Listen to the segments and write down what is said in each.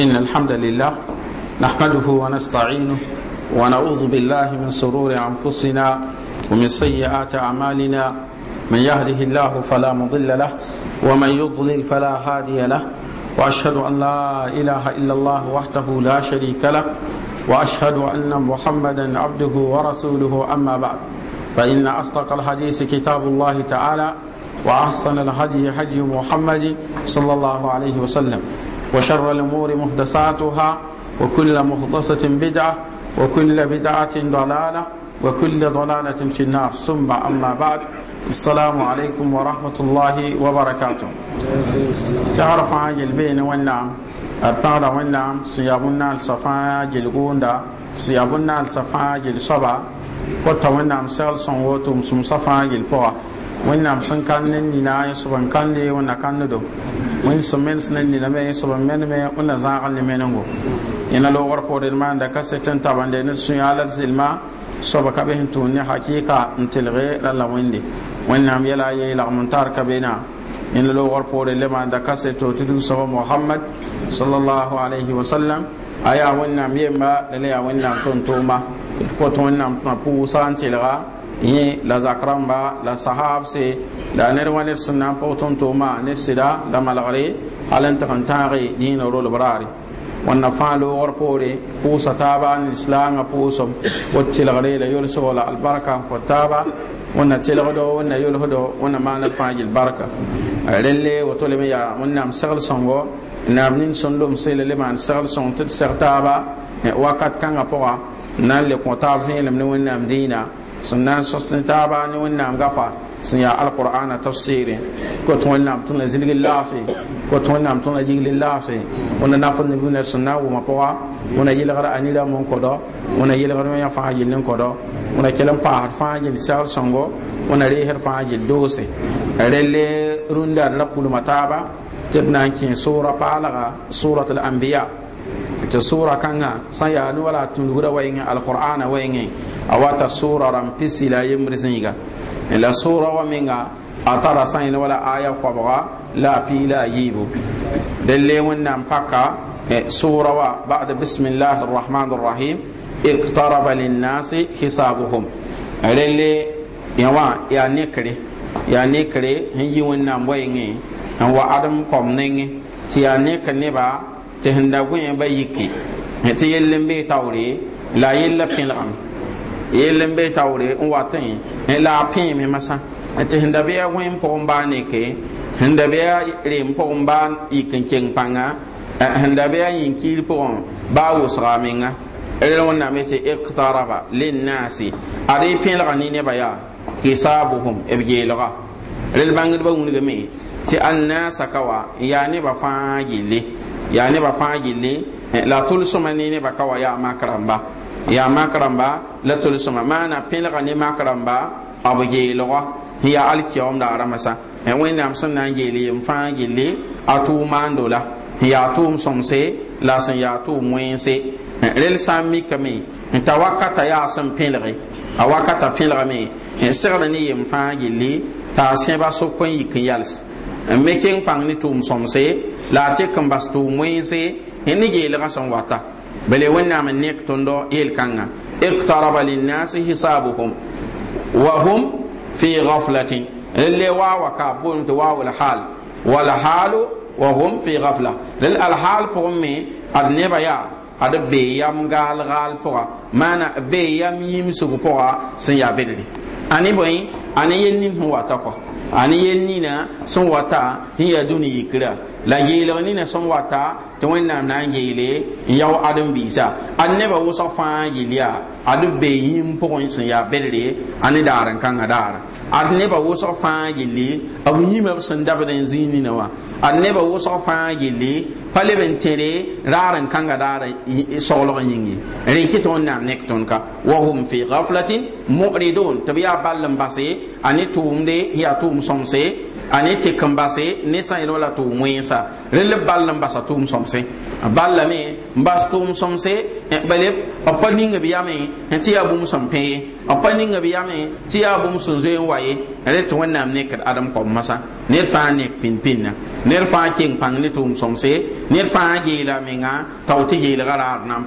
إن الحمد لله نحمده ونستعينه ونعوذ بالله من سرور أنفسنا ومن سيئات أعمالنا من يهده الله فلا مضل له ومن يضلل فلا هادي له وأشهد أن لا إله إلا الله وحده لا شريك له وأشهد أن محمدا عبده ورسوله أما بعد فإن أصدق الحديث كتاب الله تعالى وأحسن الهدي هدي محمد صلى الله عليه وسلم وشر الأمور مهدساتها وكل مهدسة بدعة وكل بدعة ضلالة وكل ضلالة في النار ثم أما بعد السلام عليكم ورحمة الله وبركاته تعرف عن البين والنعم أبدا والنعم سيابنا الصفاء جلقوندا سيابنا الصفاء جلصبا قطة والنعم سيال صنوتهم سمصفاء جلقوا wẽnnaam sẽn kand ne nina yẽsb n kande wẽnna kanddo wẽnd sẽn mens ne nina me yẽsb n menme wẽnna zãagl ne menengo yẽna loogr poord d maanda ka set n tabande ned sũ-yaa la d zelma soaba ka be sẽn tũud ne hakɩɩka n telge la la wẽnde wẽnnaam yɛla a yeelagm n tar ka bena yẽna loogr poord le maanda ka seto tɩ tɩg soaba mohamad sallallahu alaihi wasallam a yaa wẽnnaam yemba la la yaa wẽnnaam tʋm-tʋʋma tɩ kõ tɩ wẽnnaam tʋma pʋʋsa n telga ah. yẽ la zak rãmba la sahabse la ned wa ned sẽn na n pʋg tʋm-tʋʋma ne sɩda la malgre hal n tɩg n tãage dĩinã rolb raare wẽnna fãa loogr poore pʋʋsa taaba ne islaangã pʋʋsem wot tɩlgre la yolsgo la albarka n kõt taaba wẽnna tɩlgdo wẽnna yolsdo wẽnna maan d fãa gill barka rẽlle woto leme yaa wẽnnaam segl-sõngo naam nin sẽn lomse la le maan segl-sõng tɩ d seg taaba wakat kãngã pʋga n na n le kõ taab vẽelem ne wẽnnaam dĩinã sẽn na n sõs ne taaba ne wẽnnaam gafa sẽn yaa alqurana tafsɩɩre kot wẽnnaam tʋna zilgi laafɩ kot wẽnnaam tʋna yigli laafɩ wẽna nafd ne bũna sẽn na n wʋma pʋga wẽna yelgr a wani n kõdɔ wẽna yelgr wẽyã fãa yill n kõdɔ wẽna kell n paasd fãa yill sagl sõngo wẽna reesd fãa yill doose rell rũndar ra pulma taaba tɩ b na n kẽ soora paalga sorat ti sura kanga san ya nu wala tun hura wayin alqur'ana wayin awata sura ram pisila yimrizinga la sura wa minga atara san wala aya qabra la pila yibu dalle wannan paka sura wa ba'da bismillahir rahmanir rahim iqtaraba lin-nasi hisabuhum rele yawa ya nekre ya nekre hin yi wannan wayin an wa adam kom ne ti ya nekre tɩ sẽn da gõeba yiki tɩ yell n bee taoore la a yella pẽlgame yell n bee taoore n wat la a pẽeme masã tɩ sẽn da bɩa wẽn pʋgẽ baa neke sẽn da bɩa rem pʋgẽ baa yik n keng pãnga sẽn da bɩa yĩn-kiir pʋgẽ baa wʋsga menga rel wẽnnaame tɩ A linnaase ad y pẽlga ne nebã yaa hisabuhum b geelga rel bãngdbã wingame tɩ annaasa ka wa n yaa nebã fãa gilli ya ba fãa gilli eh, la tʋlsma ne nebã ka wa yaa mak rãmba yaa mak rãmba la tʋlsma maana pẽlga ne mak rãmba b geelga n yaa alkiyaoomda a rãmbã eh, wẽnnaam sẽn na n geel yem fãa gilli a tʋʋm maando la n yaa tʋʋm sõmse la sẽn yaa tʋʋm wẽense rel eh, sã n mikame n ta wakata yaa sẽn pẽlge a wakata pẽlgame n segd ne yem t'a sẽba sok n yik n yals n me keng pãng ne tʋʋm sõmse la tɩk n bas tʋʋm wẽense ne geelgã sẽn wata bele wẽnnaam n nek tõndo yel-kãngã iqtaraba linnaasi hisabuhum wa hum fi gaflatin rẽlle waawa ka b boolem tɩ waaw lhaal walhaalu wa hum fi gafla rel alhaal pʋgẽ me ad nebã yaa ad be yam gaal-gaal pʋga maana be yam yĩmsg pʋga sẽn yaa bedre ani ne bõe a ne yel nin sẽn wata kɔ a ne yel nina sẽn wata sẽn yaa dũni yikra la yeelg nina sẽn wata tɩ wẽnnaam na n yeele n yao ãdem-biisa ad nebã wʋsg fãa yel yaa ad b bee yĩm pʋgẽ sẽn yaa bedre a ne daar n kãngã daara ad nebã wʋsg fãa yelle b yĩmã b sẽn dabd n zĩig nina wã ad nebã wʋsg fãa yelle pa leb n tẽre raar n kãngã daara soglg yĩnge rẽ tɩ wẽnnaam nek tõnd ka wa hum fi gaflatin mu'ridun tɩ b yaa ball n base a ne tʋʋmde um yaa tʋʋm um sõmse ani tɩ kẽn base ne sã la t'o tʋʋm wẽensa rel ball n basa tʋʋm bas tʋʋm sõmse bale b pa ning b yame tɩ yaa bũmb sẽn pẽ ye b pa ning b yame tɩ yaa bũmb sẽn zoe n wa ye rel tɩ wẽnnaam nekd adem kɔb masã ned fãa nek pĩn-pĩnnã ned ne tʋʋm sõmse ned fãa yeela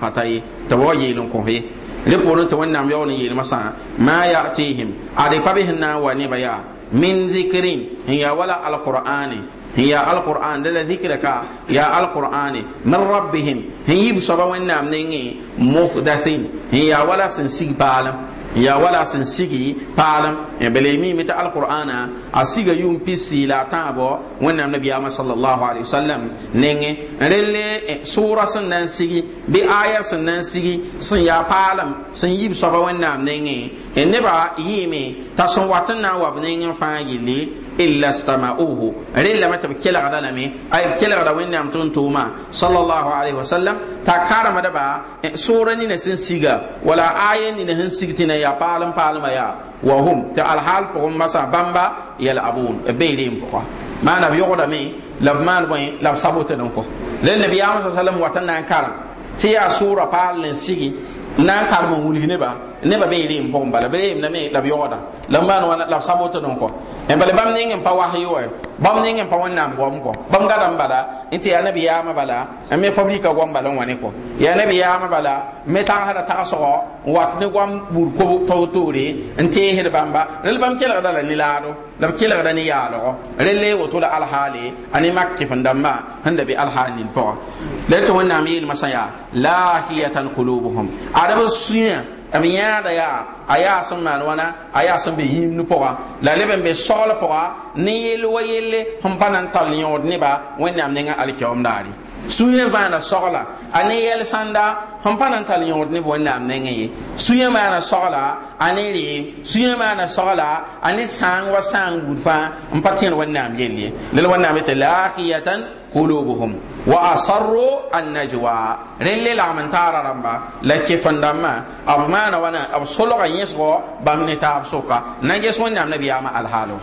pata ye tɩ b wa yeel n kõs ye rẽ pʋgẽ tɩ wẽnnaam yaool n yeelmã sã maa yaa wa nebã yaa من ذكر هي ولا القرآن هي القرآن لا ذكرك يا القرآن من ربهم هي بسبب النام نيني مقدسين هي ولا سنسيق ya wala sin sigi palam e bele mi mi ta alqur'ana asiga yum pisi la tabo wannan nabi amma sallallahu alaihi wasallam nenge relle eh, sura sun nan sigi bi aya sun nan sigi sun ya palam sun yib soba wannan nenge e eh, ne ba yimi ta sun watan na wabne ngin fa gili illa stama'uhu rella mata kelgda lame ay kelgda wẽnnaam tʋm tʋʋma sallallahu alaihi wa wasallam t'a karema daba eh, sʋʋra nina sẽn siga wala aya nina sẽn sig tɩ na yaa paalem paalmã yaa wa hum ta alhal pʋgẽ masã bãmba yɛl-abuun b e bee reem pʋga maana b yogdame la b maan bõe la b sabotd n kɔ la nabiyaam sa sallam wat n na n karem tɩ yaa sʋʋra paal n sigi n na n karem n ba? neba be yele mbom bala be yele me la biyoda la man wana la sabota non ko en bale bam ningen pa wahyi wo bam ningen pa wonna mbom ko bam gadam bala inti ya nabi ya ma bala en me fabrika gom bala woni ko ya nabi ya ma bala me ta hada ta so wat ne gom bur ko to tore inti he bamba le bam kela dala ni laado la kela da ni yaalo rele wo to la al hali ani makki fandamma handa bi al halin po le to wonna mi masaya lahiyatan qulubuhum arab sunya m yãada yaa a yaa sẽn maan wãna a yaa sẽn be yĩimd pʋga la leb n be sogl pʋga ne yell wa yelle sẽn pa na n tall yõod neba wẽnnaam nengã alkiaom daare sũyã maana sogla a ne yɛl sãnda sẽn pa na n tall yõod neb wẽnnaam nengẽ ye sũyã maana sogla a ne reem sũyã maana sogla a ne sãang wa sãang gud fãa n pa tẽer wẽnnaam yell ye lel wẽnnaam yetɩ laakiyatan Kulobo Wa a sarro an najiwa. Lalle la mun ta ra ra ma. Lace na a ma solon ka yi ne suko, bamunita sukuwa. Na gesa mun am na biya ma al'adu?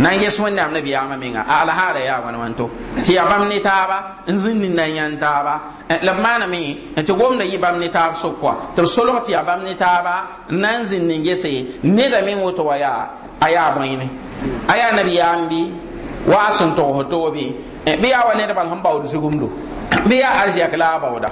Na gesa mun am na ma min a? A al'adu ya yi a wani wantu. Aciyar bamunita ba, an zi ni na yi an taaba. Lamman'a min, aciyar bamun ita ba, an zi ni gese. Ne da min wuta aya, aya ma Aya na biya wa sun to ho to bi eh, bi ya wale da bal han bawdu sugumdo bi ya arji akla bawda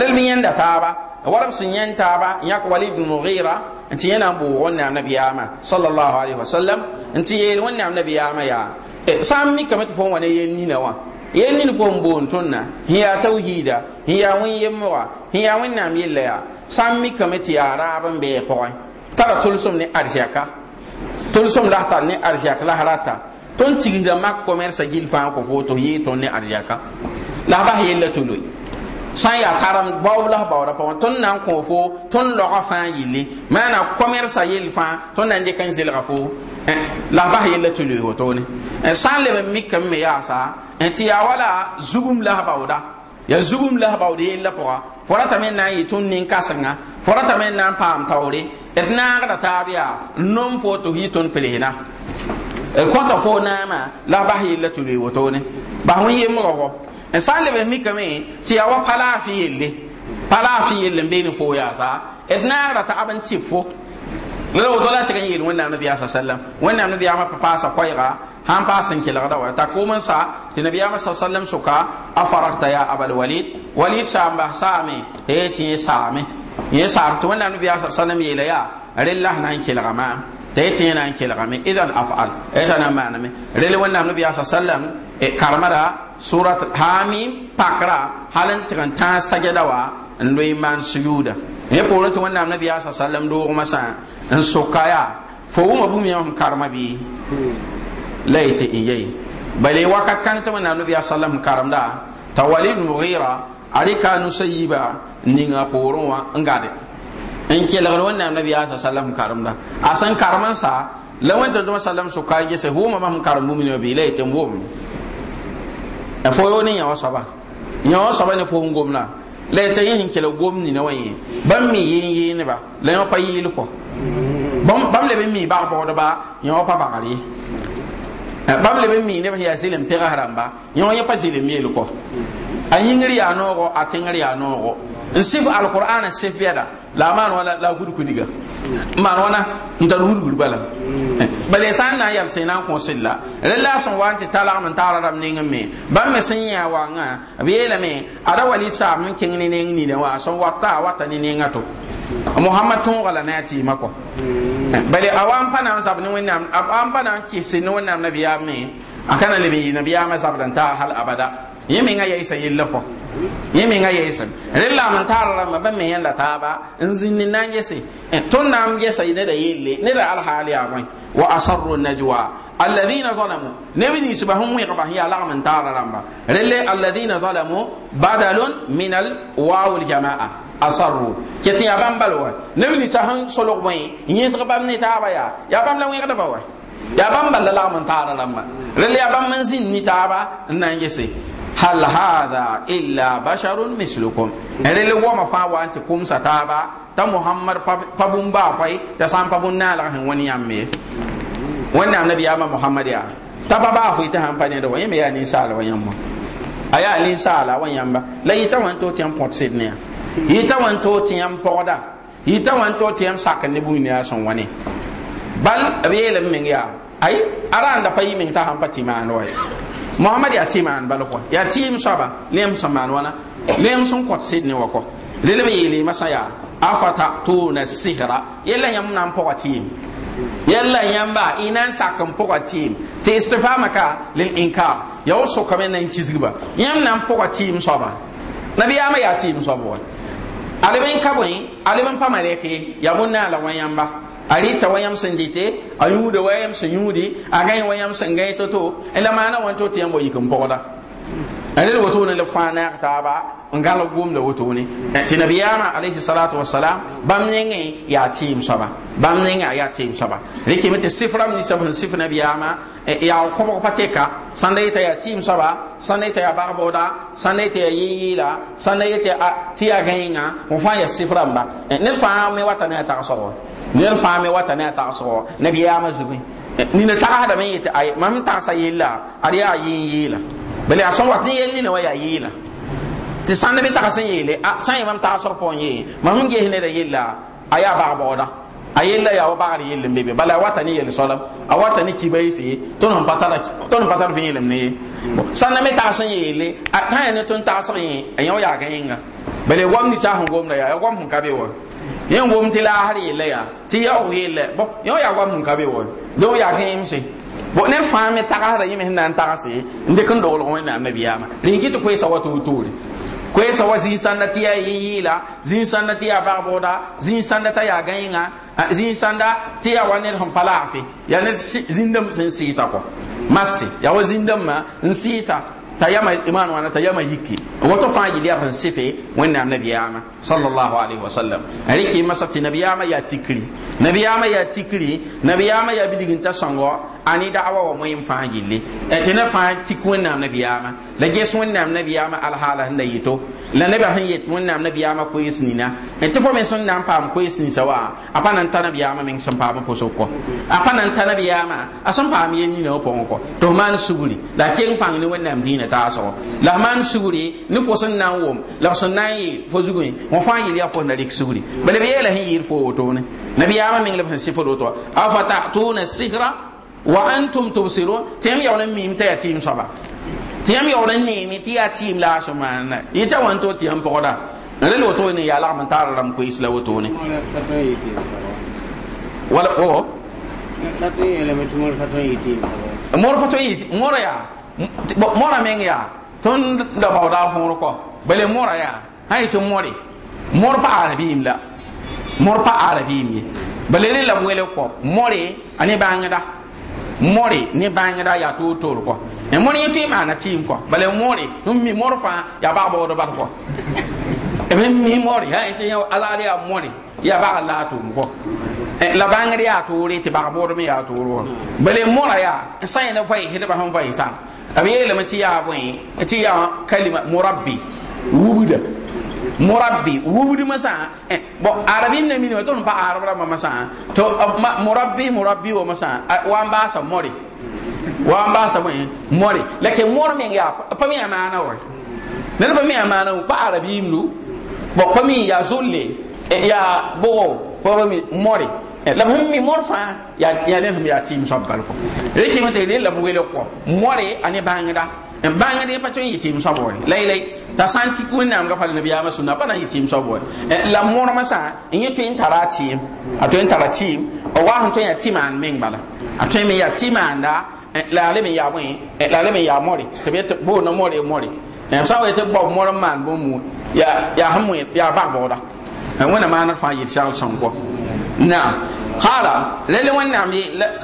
rel bi yanda taaba, warab sun yan taaba, ya ko walid bin mughira anti yana bu wonna annabiyama sallallahu alaihi wasallam anti yana wonna annabiyama ya sam mi kamat fon wane yen ni na wa yen ni fon bon tonna hiya tauhida hiya wun yemwa hiya wun nam yilla ya sam mi kamat ya raban be ko tara tulsum ni arjaka tulsum lahta ni arjaka lahrata ton tigsda mak commerce gill fãa ko fo tɩ yi tõnd ne arjaka la ba yella la sãn san ya karam bawla bawra pa ton nan ko fo tõnd logã fãa yili mana commerce a ton nan tõnd kan zil rafo la ba fo la ho ton toloe san le mi kam me ya sa yaasa eh, ti ya wala zubum la bawda ya zubum la baud la pʋga fo rata men nan na ton yɩ nin-kãsengã fo rata men nan na tawri etna ga ta biya taab nom fo tɩ f yɩ d kõta e e fo naama la bas yella tɩ loe wotone bas wẽn yemrgɔ n sã n lebs mikame tɩ yaa wa pa laafɩ yelle pa laafɩ yell n been fo yaasa d naara taab n tɩb fo la woto la tɩg n yeel wẽnnaam nabiyaasa sallam wẽnnaam nabiyaamã pa paasa koɛɛga sãn paas n kelgda wa t'a koom n sa tɩ nabiyaamã sa sallam soka a faragta yaa abalwalid walid sã n bas saame t'a yee tɩ yẽ saame yẽ saam tɩ wẽnnaam nabiyaasa sallam yeela yaa rel la sẽn na n ta yi tẽ na n kelgame idan afal ẽta na n maaneme rel wẽnnaam nabiya sa sallam e, karemda surat hamim pakra hal n tɩg n tãag sagɛda wa n loe n maan sujuuda yẽ poorẽ tɩ wẽnnaam nabiya sa sallam doogmã sã n soka yaa fo wʋma bũmb yãm sẽn karema bɩ la y tɩ n yei bale wakat kãng tɩ wẽnnaam nabiya sallam sẽn karemda t'a walid mugira a rɩka nusayiba ninga poorẽ wã n gade n kelgr wẽnnaam nabiyaasa salam karemda a sẽn karem n sa la wẽn tɩ tʋma salam sʋka gese vʋʋma mam karem bũmb ne bɩ la yetɩ n vʋʋme fo yoo ne yã wa ya yã wa soaba ne fo gomna la yetɩ yẽ sẽn kelg gom nina wã yẽ bãmb mi ba yɩɩneba yo yã pa yɩɩl ko bam bam le mi ba ba da ba ya wa pa ba ye bãmb leb n mi ba ya yaa zelem haram ba ya wa yẽ pa zelem yeel kɔ a yĩngr no go a tẽngr yaa noogo n sɩf alqurana sɩf bɛda la man wala la gudu kudiga man wana nta wuri gudu bala mm. bale san na yal sai na ko silla rella san wanti tala man tara ram ne ngame ba me san ya wa nga biye me ada wali sa mun kin ne ne ni da wa san wata wata ne ne ngato muhammad tun wala na ti mako mm. eh, bale awan pana sab ni am awan pana ki wani am nabiya me akana le bi nabiya ma sab dan ta hal abada yimi nga yaisa yilla ko yẽ menga yeesem rẽ laam n taar rãmba bãmb me yẽ la taaba n zĩnd n na n gese e, tõnd na n gesa neda yelle neda alhaal yaa bõe wa asarru najwa alladina zalamu neb ninsba sẽn wẽgba sẽn yaa lagm n taara rãmba rẽ le alladina zalamu badalun min al waaw ljamaa asarru ket tɩ yaa bãmb bal wa neb ninsã sẽn solg bõe yẽsg bãmb ne taaba yaa yaa bãmb la wẽgdba wa ya balla bala lagm ta ran rãmbã rel ya ban n ni ta ba n na n gese hal hada illa basharun mislukum Rili wama fa wa kum sa ta ba t'a muhammad pa bũmb baafa t'a san n pa bũmb naalg sẽn wẽn yãmb ye wẽnnaam nabiyaamã muhammad ya t'a ba ba tɩ ta han pa da wã yẽ me yaa ninsaala wã yãmbã a yaa Aya wã yãmba la yɩta wã n tog tɩ yãmb põt sɩd ne ya yɩta wã n tog tɩ yãmb pɔgda ta wã to tog tɩ yãmb sak ne bũmb ne wani? bal b yeelame ya ay aranda pa yimin ta hampa man wa muhammad ya timan balko ya im saba lem saman wana lem sun kot sidni wa ko lele yele masaya afata tuna sihra yella yam nan po tim yalla ba inan sakan poka tim ti istifama ka lil inka ya wasu kamen nan kizgiba yam nan poka im saba nabi ama ya tim soba wa kabo kabon aliban pamaleke ya bunna la wanyamba a ta wayam sun dite ayuda wayam sun yudi agay wayam sun gay toto ila mana wanto yi yikum boda rel woto ne le fãa naag taaba n gal gomda woto ne e, tɩ nabiyaamã alayhi salatu wasalam bãmb nengẽ yaa tɩɩm soaba bãmb nengẽ yaa tɩɩm soaba rɩkeme tɩ sɩf rãmb ninsã sẽn sɩf nabiyaamã yaa e, kõbg pa tɩka sãn da yeta yaa tɩɩm soaba sãn da yeta yaa bagbooda sãn da yeta yaa yɩɩyɩɩla sãn da yeta tɩ yaa gãenga fõ fãa yaa sɩf rãmba e, ned fãa me wata ne a tagsgɔ ne a tagsgɔ nabiyaamã zugẽ bale a sõn wat n yell nina wa yaa yɩɩna tɩ sãnd me tags n yeele a sã n yẽ mam tags pʋgẽ yee mam sẽn gees neda yella a yaa bag baooda a yella yaa wa bagr yell n be be bala a wata ne yel soalb a wata ne kiba yese n pa tar vẽ ne ye sãnda me tags n yeele sã n yaa ne tõnd tagsg yẽ a yẽ wa yaag yẽnga bale wam ninsã sẽn gomda yaa ya goam sẽn ka be wa yẽ n gom tɩ laasr yella yaa tɩ yaoog yella bõ yẽ wa yaa goam sẽn ka be wa de wa yaag bo ne fãa me tagsda yẽ me sẽn na n tagse n dɩk n doglg wẽnnaam nabiyaamã rẽn kɩ tɩ koɛɛsa wa toor-toore koɛɛsa wa zĩig-sãnda tɩ yaa yɩ-yɩɩla zĩig-sãnda tɩ yaa bagbgda zĩig-sãnda t'a yaa gãyẽngã zĩig-sãnda tɩ yaa wa ned sẽn pa laafɩ yaa ned zĩndame sẽn sɩɩsa kɔ masse yaa wa zĩndãmbã n sɩɩsa ta yama iman wana ta yama yiki wato fa yi dia ban sife wannan biyama. sallallahu alaihi wasallam ariki masati nabiyama ya tikri nabiyama ya tikri nabiyama ya bidigin ta sango ani da awa wa muyin fa gille etina fa tik wannan nabiyama la ges biyama al hala hinda yito la nabi han yit wannan nabiyama ko yisnina fo men sun nan pam ko yisni sawa apa nan ta nabiyama min sun pam po sokko apa nan ta nabiyama asan pam yenni na ko to man suguri da kin pam ni wannan dina ne taasgɔ la maan sugre ne fo sẽn na n la b sẽn na fo zugẽ fõ fãa yel yaa fo na rɩk sugri bala b yeela sẽn yɩɩr fo wotone nabiyaamã meng la b sẽn sɩfd woto afa tatuna sigra wa antum tubsirun tɩ yãmb yaool n miim t'a yaa tɩɩm soaba tɩ yãmb yaool n neeme tɩ yaa tɩɩm la a sẽn maanna yeta wa n to tɩ yãmb pʋgda rel ni. ne yaa lagm n taara rãmb koees la wotone wala o mor pa mor ya mora meŋ yaa tõnd da baodaa võor ko bale mora ya sãn yetɩ more mor pa arabiim la mor pa arabiim ye bale ne la wele kɔ more a ne bãngda more ne bãngda yaa toor toor kɔ e mor yẽ tõe maana tɩɩm kɔ bale mori tõnd mi morfa ya yaa bag baood bad kɔ b mi more e sã yetɩ alaad yaa more ya ba la to ko eh, la bangre ya to re ti ba bo me ya to ro bale mora ya sai na fai hida ba han fai san abi yele mati ya bo ti ya kalima murabbi wubuda murabbi wubudi masa eh bo arabin ne mini ton pa arabra ma masa to eh, murabbi murabbi wo masa eh, wa ba sa mori wa ba sa mo mori lake mor me ya pa mi amana wa ne pa mi amana ba arabim lu bo pa mi ya zulle Eh, ya bogo bogo mi mori eh, la hum mi mor fa ya ya ne ya tim sob kal ko reki mate ne la bugele ko mori ani bangada en eh, bangade pa ton yitim sob wo lay lay ta santi kun nam ga fal nabi ya sunna pa na yitim sob wo la mor ma sa en yeto en tarati a to en tarati o wa hon to ya timan meng bala a to mi ya timan da la le mi ya wen la le mi ya mori te bi bo no mori mori en sa we te bo mor man bo mu ya ya hamu ya ba bo da wẽna maanr fãa yɩɩd sagl sẽn kɔ naam قال للي ونعم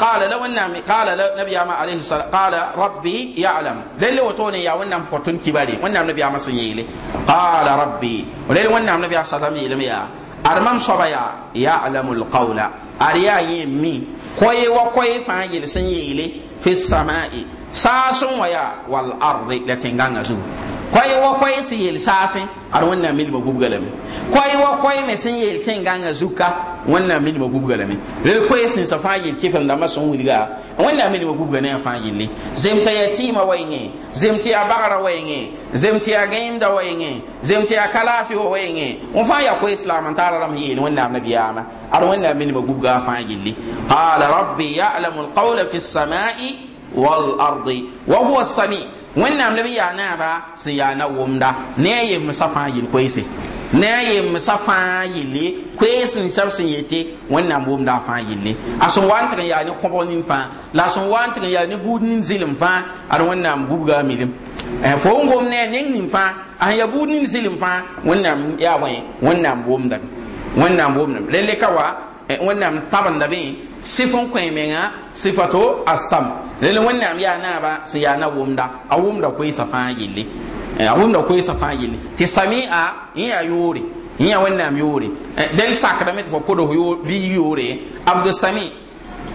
قال لو النعم قال نبي ما عليه الصلاة قال ربي يعلم للي وتوني يا ونعم قطن كباري ونعم نبي ما سنيلي قال ربي وللي ونعم نبي صلى الله عليه وسلم أرمم صبايا يعلم القول أريا يمي كوي وكوي فاجل سنيلي في السماء ساس ويا والأرض لتنغانغ زور kwai wa su si yel saase ar wannan mil magub galame kwai wa kwai me sin yel ken ganga zuka wannan mil ma galame le koy sin sun fa yel kifam da mason wulga wannan mil magub gane ne yel le zemta yatima wayne zemta ya bagara wayne zemta ya da wayne zemta ya kalafi wayne on fa ya kwai islam an tara ram yel wonna ma ar wannan mil magub ga fa yel le qala rabbi ya'lamu al-qawla fi as-sama'i wal ardi wa huwa as-sami' wẽnnaam leb yaa naaba sẽn yaa na wʋmda ne a yembsã fãa yel koeese ne a yembsã fãa yelle koees n sẽn yete wẽnnaam wʋmda a fãa yelle a sẽn wa n tɩg n yaa ne kõbg nin fãa la a sẽn wa n tɩg n yaa ne buud nin zɩlem fãa ad wẽnnaam gubga a milem fo n gom ne a neng nin a sẽn yaa buud nin Wannan fãa wẽnnaam yaa wẽnnaam wʋmdame wẽnnaam wʋmdame wa wẽnnaam tabendame sifon kwen menga sifato asam lele wannan ya na ba si ya na wumda a wumda ko isa fangili gille eh, a wumda ko isa fangili gille ti sami'a in yuri yore in ya wannan yore eh, del sakrament ko podo yo bi yuri abdus sami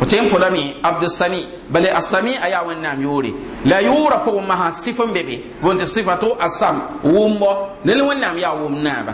o tem podo mi abdus sami bale asami aya wannan yore la yura po maha sifon bebe wonte sifato asam wumbo lele wannan ya wumna ba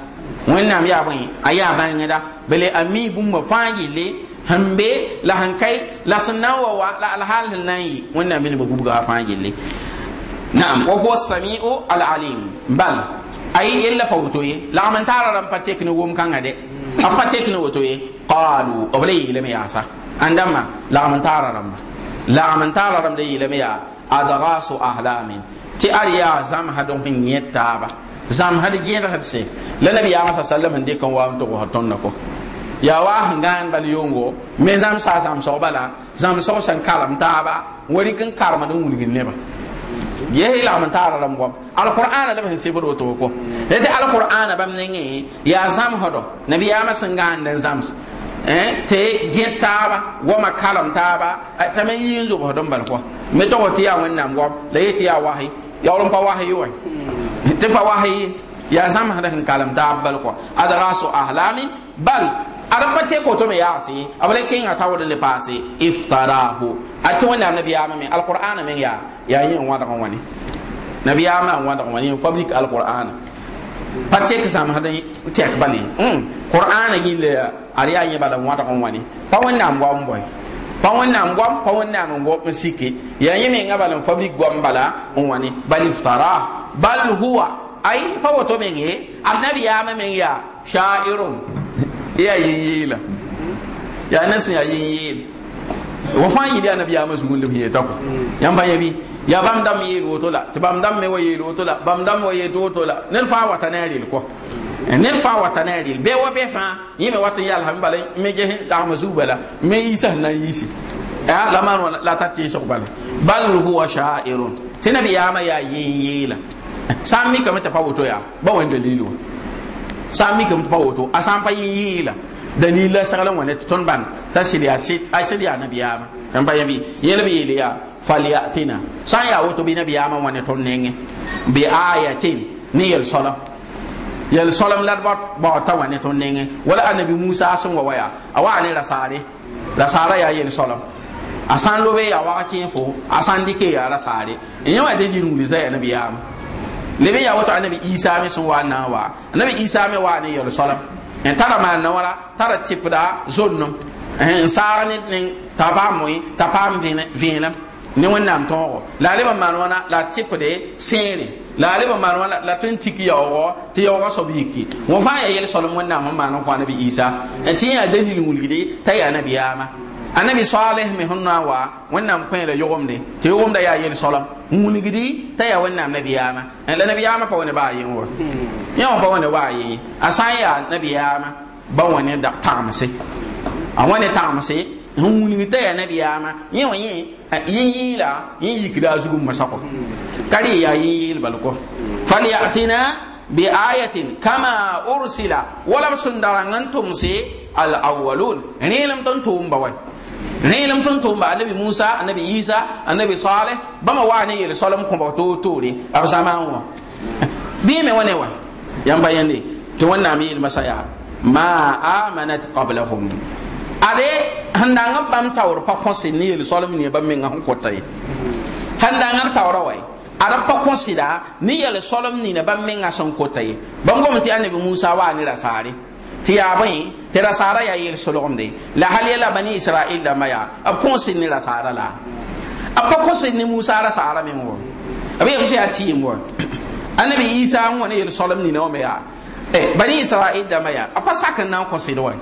wẽnnaam yaa bõe a yaa bãngẽda bele a mi bũmba fãa gille sẽn be la sẽn kai la sẽn na wa wa la alhaal sẽn na n yɩ wẽnnaam bilba gubga fãa gille naam wa huwa samiu alalim bal ayi yella pa woto ye lagm n taara rãm pa tek ne wom kãngã de a pa tek ne woto ye qaalu b la yeelame yaasa ãn dãmba lagm n taara rãmba lagm n taara rãmb la yeelame yaa adgasu ahlamin tɩ ad yaa zãmsa dõn sẽn yẽ taaba zam hadi gẽdgd sẽ la nabiyaamã sa sallam sẽn dɩk n waam tɩg fr tõnda ya wa hangan bal yongo me sa zam so bala zãmsg sẽn kalem taaba n wa rɩk n karemd n wilgd nebã yehe ɩlgm n da ban goam bodo to ko sẽn sebd woto kɔ la ya zam bãmb nengẽ yaa zãmsdɔ nabiyaamã sẽn gãand n zãms eh, te gẽ taaba wama ta taaba ta men yin zo n bal ko. me to ti ya wannan go la yetɩ ti ya yaool n pa wahi yɩ tɩ pa ya yaa zãmsd sẽn kalam taab bal kɔ ad rasu ahlami bal ad pa tɩ koto me yaagse ye b la kẽngã taood le iftarahu ya tɩ wẽnnaam nabiyaamã me alqur'ana meŋ yaa yaa yẽ wa ne wani n wãdg n wa ne fabrik alqur'ana pa tɩk zãmsd tɛk bale qur'ana gĩlle ad yaa yẽ bala n wãdg n wa ne pa wẽnnaam goam bõe pawon nam gwam pawon nam gwam gob n sike yaa yẽ menga bala n fabrik bala n bal iftara bal huwa ai pa woto meng ye annabiyaamã meng yaa sha'irun ya yiyila ya yaa ya sẽn yaa fa yeel wa fãa yɩl yaa nabiyaamã zugu leb yeeta kɔ yãmb pa yãbi yaa bãmb dãmb yeel woto la tɩ me wa yeel woto la bãmb dãmb wa yeet woto la wata ne ko ned fa wata ne a rel bee wa be fa, yi me wat n yalsame bala me ges zagma zug bala me yiisa sẽn na n yiisi la maan la ta tɩɩsg bala bal huwa sha'irun tɩ nabiyaamã yaa yen yeela sã kam ta tɩ pa ba wẽn dalilu, wã sã n mikame tɩ a san fa pa yen yeela la segl n wa ne tɩ tõnd bãng t'a sɩd yaa a sɩd yaa nabiyaamã n pa yãmb yẽlb yeele yaa falyatina sã n yaa woto bɩ nabiyaamã wa ne tõnd nengẽ bi ayatin ne yel-soalã yel solem la ba ba ta wani ton nenge wala annabi musa sun wa waya awa ne rasare rasara ya yel solem asan be ya wa kin fo asan dike ya rasare in yawa de dinu le zai annabi ya lebe ya wato annabi isa me sun wa na wa annabi isa me wa ne yel solem en tara ma na wala tara tipda zonno en sara ne ne tabamoy tapam vina vina ne wannan to la leba manwana la tipde sene la ale ba man wana la tun tiki ya ogo ti ya ogo so bi ki wo fa ya yel solom wonna man man ko nabi isa en ti ya dalil wulgide ta ya nabi ama anabi salih mi hunna wa wannan kwen da yogom de ti yogom da ya yel solom wulgide ta ya wannan nabi ama en la nabi ama pa wona ba yin wo ya pa wona ba yi asan ya nabi ama ba wona da tamse a wona tamse sẽn wilg ma yaa nabiyaamã yẽ wã yi yẽ yɩɩla yẽ yikdaa zugum masã kɔ kar ye yaa yẽ yɩɩl bal kɔ falyatina biayatin kama ursila wala b sẽn da rãng n tʋmse alawalun rẽelem tɩ n tʋʋmba wa rẽelem tɩ n tʋʋmba annabi musa annabi isa annabi saleh bãmba waa ne yel solem kõbg toor-toore b zãmaan wã bɩɩme wa ne wa yãmb pa yẽnde tɩ wẽnnaam yeelmasã yaa ma amanat qablahum Ade! handanga bam tawr pa konsi ni yel solom ni bam nga hon kotay handanga tawra wai ara pa konsi da ni yel solom ni na bam nga son tay bam gom ti anabi musa wa ni rasare ti ya bai ti rasara ya yel solom de la hal ya bani israil da maya ab konsi ni rasara la ab pa konsi ni musa rasara min mo abi yam ti ati mo Anabi isa ngone yel el solom ni no me ya eh bani israil da maya apa sakan na konsi do way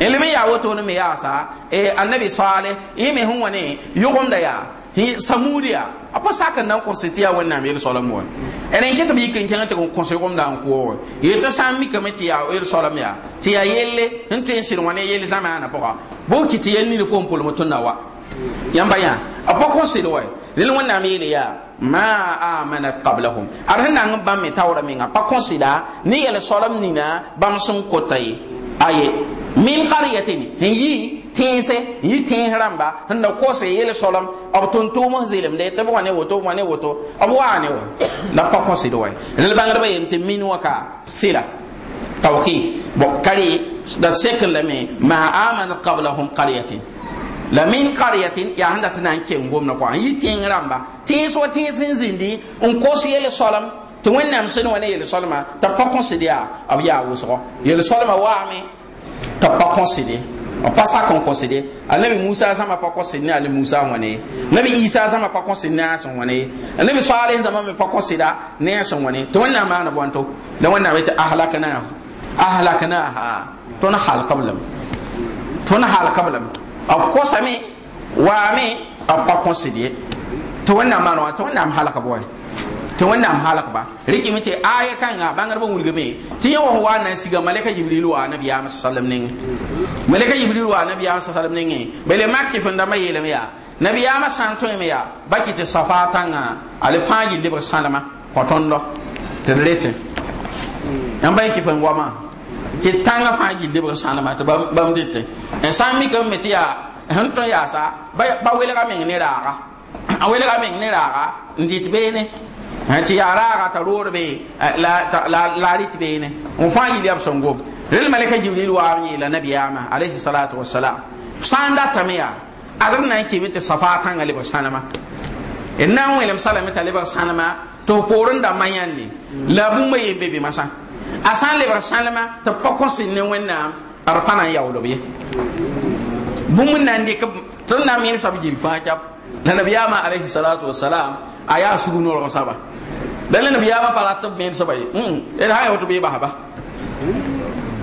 ilmi ya wato ne me ya sa eh annabi salih yi e me hun wani yugum da ya hi samudiya apa saka nan ko sitiya wannan me solam wa ene ke to bi kin kan ta ko se gom dan ko ye ta san mi kamati ya ir solam ya ti ya yelle ntu en sir wani yelle zamana po bo ki ti yelli ni fon pol mutuna wa yamba ya apa ko se do wa lil wannan me ya ma amanat qablahum ar handa ngam bam mi tawra mi ngapa ko sida ni yel ni na bam sun kotai aye min qaryatin hin yi tẽese yi tẽes rãmba n da kos yel solem b tʋm tʋʋm f zeelemde tɩ b ne woto b ne woto b waa ne wa la pa kõsd wa rel bãngdbã yem tɩ min waka sɩla tawkɩɩb bõ kare dat sekl me, maa amanat qablahum qaryatin la min qaryatin ya sẽn dat na n keng gomda pʋga yi tẽng rãmba tẽes wa tẽes sẽn zĩndi n kos yel solem tɩ wẽnnaam sẽn wa ne yel-solmã tɩ b pa kõsd yaa b yaa wʋsgɔ yel-solmã waame t'a pas considéré on pas ça qu'on considère annabi musa zama pas considéré ale musa wane nabi isa zama pas considéré a son wane annabi salih zama me pas considéré ne a son wane to wannan ma na bonto da wannan wata ahlakana ahlakana ha to na hal qablam to na hal qablam a kosa me wa me a pas considéré to wannan ma na to wannan halaka boy tɩ wẽnnaam halgba rɩkɩ me tɩ aaya kãnga bãngdbã wilgame tɩ yẽ wa wa na siga malɛka jibril wa nabiyaam sa salm nengẽ malɛka jibril wa nabiyaam sa salm nengẽ bele mak maki fẽn-dãmbã yeelame yaa nabiyaamã sã n tõeme yaa bakɩ tɩ safa tãngã ale fãa yɩ lebg sãlema fõ tõndɔ tɩ d retẽ yãmb pa n kɩ fẽn goamã tɩ tãngã fãa yɩ lebg sãlema tɩ bãmb dete n sã n mikame sa. tɩ yaa sẽn tõe yaasa ba welga meng ne raaga a welga meng ne raaga n dɩt beene ti ya raga ta rorbe eh, la la rit bene on fa yi liab son gob ril malaka jibril wa ni la nabiyama alayhi salatu wassalam sanda tamiya adar nan ke mita safa kan ali basanama inna wa ilam salama ta liba sanama to porun da manyan ne bu mai bebe masa asan liba sanama ta sin ne wannan arfana bu mun nan de tun na min sabji fa la nabiyama alayhi salatu wassalam aya sugu no saba dalil bi yaba parat min sabai hmm el haya wato be ba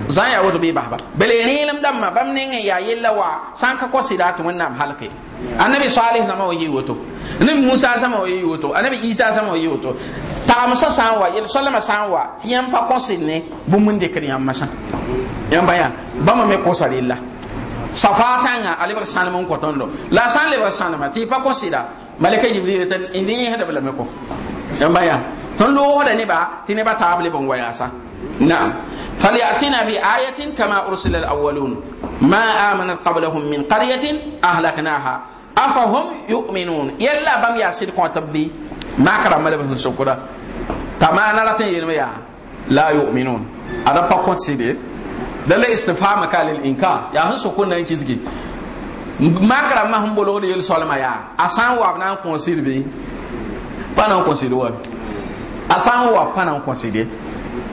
zan ya wato bi be bahaba bele nilam damma bam ne ya yella wa san ka ko sida to wannan halke annabi salih sama yi wato annabi musa sama wayi wato annabi isa wa yi wato ta masa san wa yel sallama san wa tiyan pa ko sinne bu mun de kriyan masa yan baya bama me ko salilla safatanga alibar sanama ko tondo la san le ba sanama ti pa ko sida malaka jibril tan ini hada bala meko yamba ya ton lo wala ne ba tine ba tabli bon waya sa na'am falyatina bi ayatin kama ursila alawwalun ma amana qablahum min qaryatin ahlaknaha afahum yu'minun yalla bam ya sid ko tabli ma karam mala bin shukura tamana ratin yirma ya la yu'minun ada pa ko sidi dalla istifham kalil inkar ya han sukun nan kizgi makra ma hum bolo yel solma ya asan wa na consider pa na consider wa asan wa pa na consider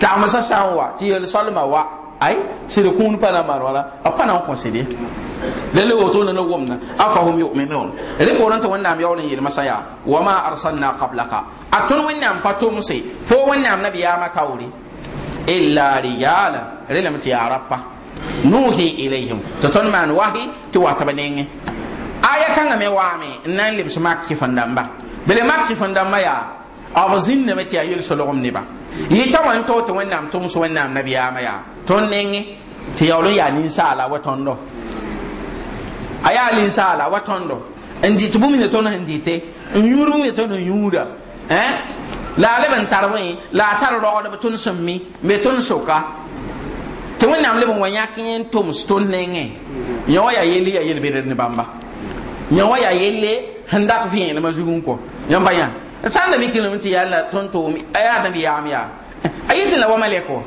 ta ma sa san wa ti yel solma wa ai sir kun pa na mar wala a pa na consider lalle to na gwamna afahum yu'minun riporan ta wannan yawon yel masaya wa ma arsalna qablaka atun wannan patum sai fo wannan nabiya ma matauri illa rijala rilam ti arapa nuhi ilaihim to ton man wahi tɩ wata ba nengẽ aya kãngã me waame n na n lebs mak kɩf n dãmba bele mak kɩf n dãmbã yaa b zĩndame tɩ yaa yel-solgem neba yɩta wa n too tɩ wẽnnaam tʋms wẽnnaam nabiyaamã yaa tõnd nengẽ tɩ yaool n yaa ninsaala wa tõndo a yaa ninsaala wa tõndo n dɩt bũmb ne tõnd sẽn dɩte n yũud bũmb ne tõnd sẽn yũuda la a leb n tarbẽ la a tar rogdb tun sẽn mi be tõnd soka tɩ wẽnnaam leb n wa yãk yẽ n tʋms tõnd nengẽ yã wã yaa yelle yaa yel bedr ne bãmba yã wã yaa yelle sẽn dat fẽ yẽlmã zugẽ kɔ yãmba yã sãn da mikelem tɩ yaa la tõnd-toom a yaa dãmb yaam yaa a yɩ tɩ la wa malɛk wa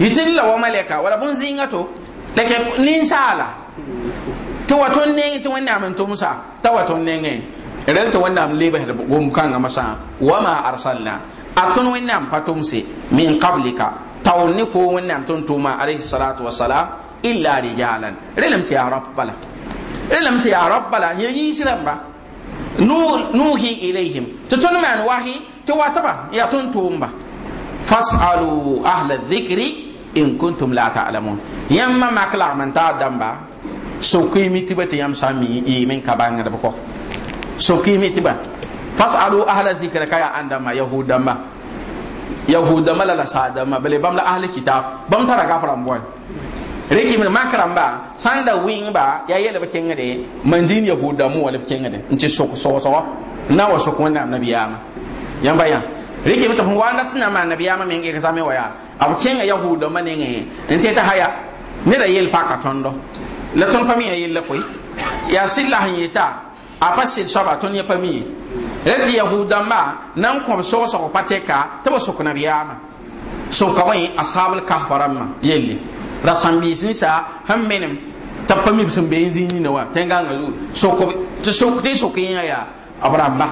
yɩ tɩ la wa malɛka wala bõn-zĩngã to la kɛ ninsaala tɩ wa tõnd neeng tɩ wẽnnaam n tʋmsa t'a wa tõnd neengẽ rel tɩ wẽnnaam lebsd wʋm-kãngã masã ma arsalna a tõnd wẽnnaam pa tʋmse min qablika taoon ne foo wẽnnaam tõnd tʋʋma alayhi salatu wasalam إلا رجالا رلمت يا رب لا رلمت يا رب لا هي يسير ما نوحي إليهم تتون من وحي تواتبا يتون تومبا فاسألوا أهل الذكر إن كنتم لا تعلمون يما ما كلا من تعدم با سوكي ميتبا تيام سامي يمن كبان ربكو سوكي ميتبا فاسألوا أهل الذكر كايا أندما يهودا ما يهودا ما للا سادا ما بلي بام لأهل كتاب بام ترى كفرام بوان san da sanda ba ya yi yele ba kengede mandin yahuda mu wala kengede nti in so so na wa sok ma yan bayan ya mai ta wanda tana ma ma mai ka same waya abu kenga yahuda in ce ta haya ne da yel paka tondo la ton pami ya yel foi ya yi ta a fasil saba ton ya pami reti yahuda ma nan ko so so pateka ta ba sok nabiyama sun kawai ashabul kahfaramma yelli ra bi sin sa sẽn menem t'a pa mi b so ko n so nina wã tẽn gãngã zugu sok tɩ sok yẽa yaa b rãmba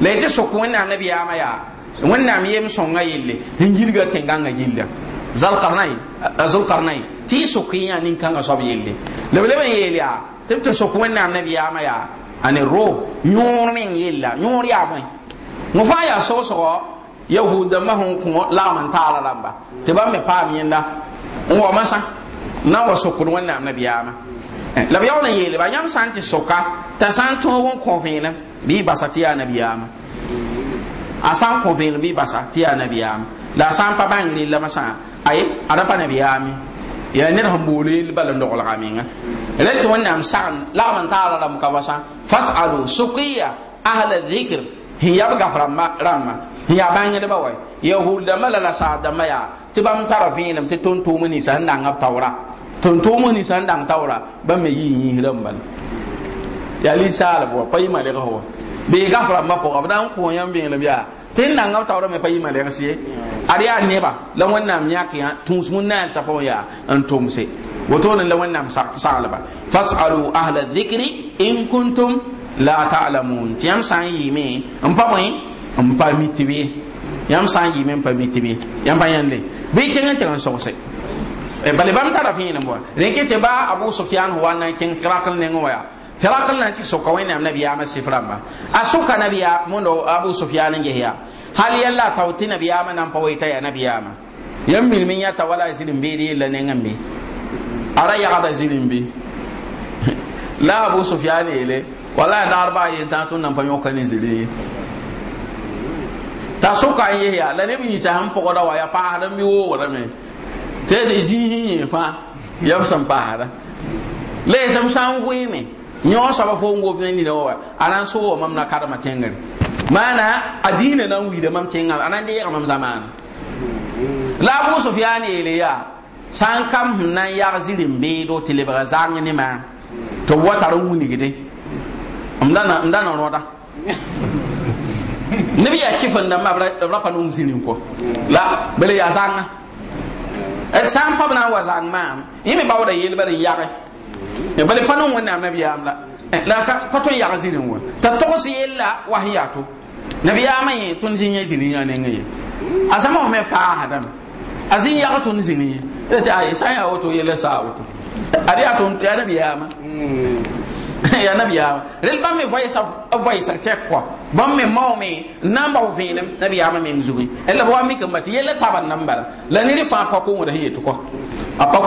la y tɩ sok wẽnnaam nabiyaamã yaa wẽnnaam yeem sõngã yelle n yilga zal qarnai zulkarnay qarnai ti so yẽ a nin-kãngã kan soab le le b leb n yeel yaa tɩ b tɩ sok wẽnnaam nabiyaamã yaa ani ro nyor yõor yilla nyor ya yaa mo fa ya so so yahuda ma hun ko la man taala ramba te ba me pa mi nda wo ma sa na wa sokul wannan annabi ya ma la biya wannan yele ba yam santi soka ta santo won ko fina bi basati ya annabi ya asan ko fina bi basati ya annabi ya ma la san pa ban ni la ma sa ay ara pa annabi ya mi ya ne han bole balan do kala minga rel to wannan san la man taala ramba ka wasa fasalu suqiya ahla dhikr hiya ga ramma ya ban yẽdbã wa yahul dãmbã la la saas dãmbã yaa tɩ bãmb tara vẽenem tɩ tʋm-tʋʋm ton n dãng b taoora tʋm-tʋʋm ninsã n dãng taoora bãmb me yɩɩ yĩis rãmb bala yaa linsaalb wa pa yɩma legs wa bɩ gaf rãmbã pʋga b na n kõ yãmb vẽenem yaa tɩ n dãng b taoora me pa yɩma legs ye ad yaa neba la wẽnnaam yãk yã tũus mũnnaalsã pa wã yaa n tʋmse wotone la wẽnnaam saglba fasalu ahla dhikri in kuntum la talamun tɩ yãmb sã n yɩɩme n pa n pa mi tɩ b ye yãmb sã n yɩɩme n pa mi tɩ b ye yãmb pa yãnde bɩ kẽng n tɩg n sõgse e, bale bãmb tara fẽ yẽnem wa rẽ kɩ tɩ ba abu sofian wa na n kẽng hirakl neng wã yaa hirakl na n tɩ soka wẽnnaam nabiyaamã sɩf rãmba a soka nabiya mõndo abu Sufian n ges yaa hal yɛlla a tao tɩ nabiyaamã na n pa wɩɩta yaa nabiyaamã yãmb milm yãta wala a zir n beed yella neng n be a ra yagda zir n be la abu sofian yeele wala a daarba a yen tã tʋm na n pa yõka ne zire ye ta soka n yesya la neb yĩnsa sẽn pʋgda wa ya paasd n mi woograme tɩ d zĩisẽ yẽ fãa yab sẽn paasda la yetame sã n vɩɩme yõosaba fo n wob ne nina wa a na n soog mam na kadma tẽngre maana a diinã na n wiida mam tẽngã a na n deega mam zamaana la a bʋʋsf yaa n yeele yaa sã n kam sẽn na n yag ziri n beedo tɩ lebga zang ne maa tɩ wa tar n winigde m da na rõda ne bi ya kifan da ma ra pa zini zinin ko la bele ya zanga et san pa na wa zang ma yi me bawo da yel bare ya ga e bele pa nong wannan nabi ya amla e, la ka pa ton ya zini zinin wa ta to si yella wahiyatu nabi ya mai tun zin zini zinin ya ne ngai asama me pa hadam azin ya tun zinin e, ya ta ai sai ya wato yella sa wato ari atun ya nabi ya ma ya nabiyaama rel bãmb me vɛɛsa vɛɛsa tɛk kɔa bãmb me mao me na n bao vẽenem nabiyaama mem zugu n la b wa mikame tɩ yella taban nan bala la ned fãa pa koongda sẽn yet kɔ a pa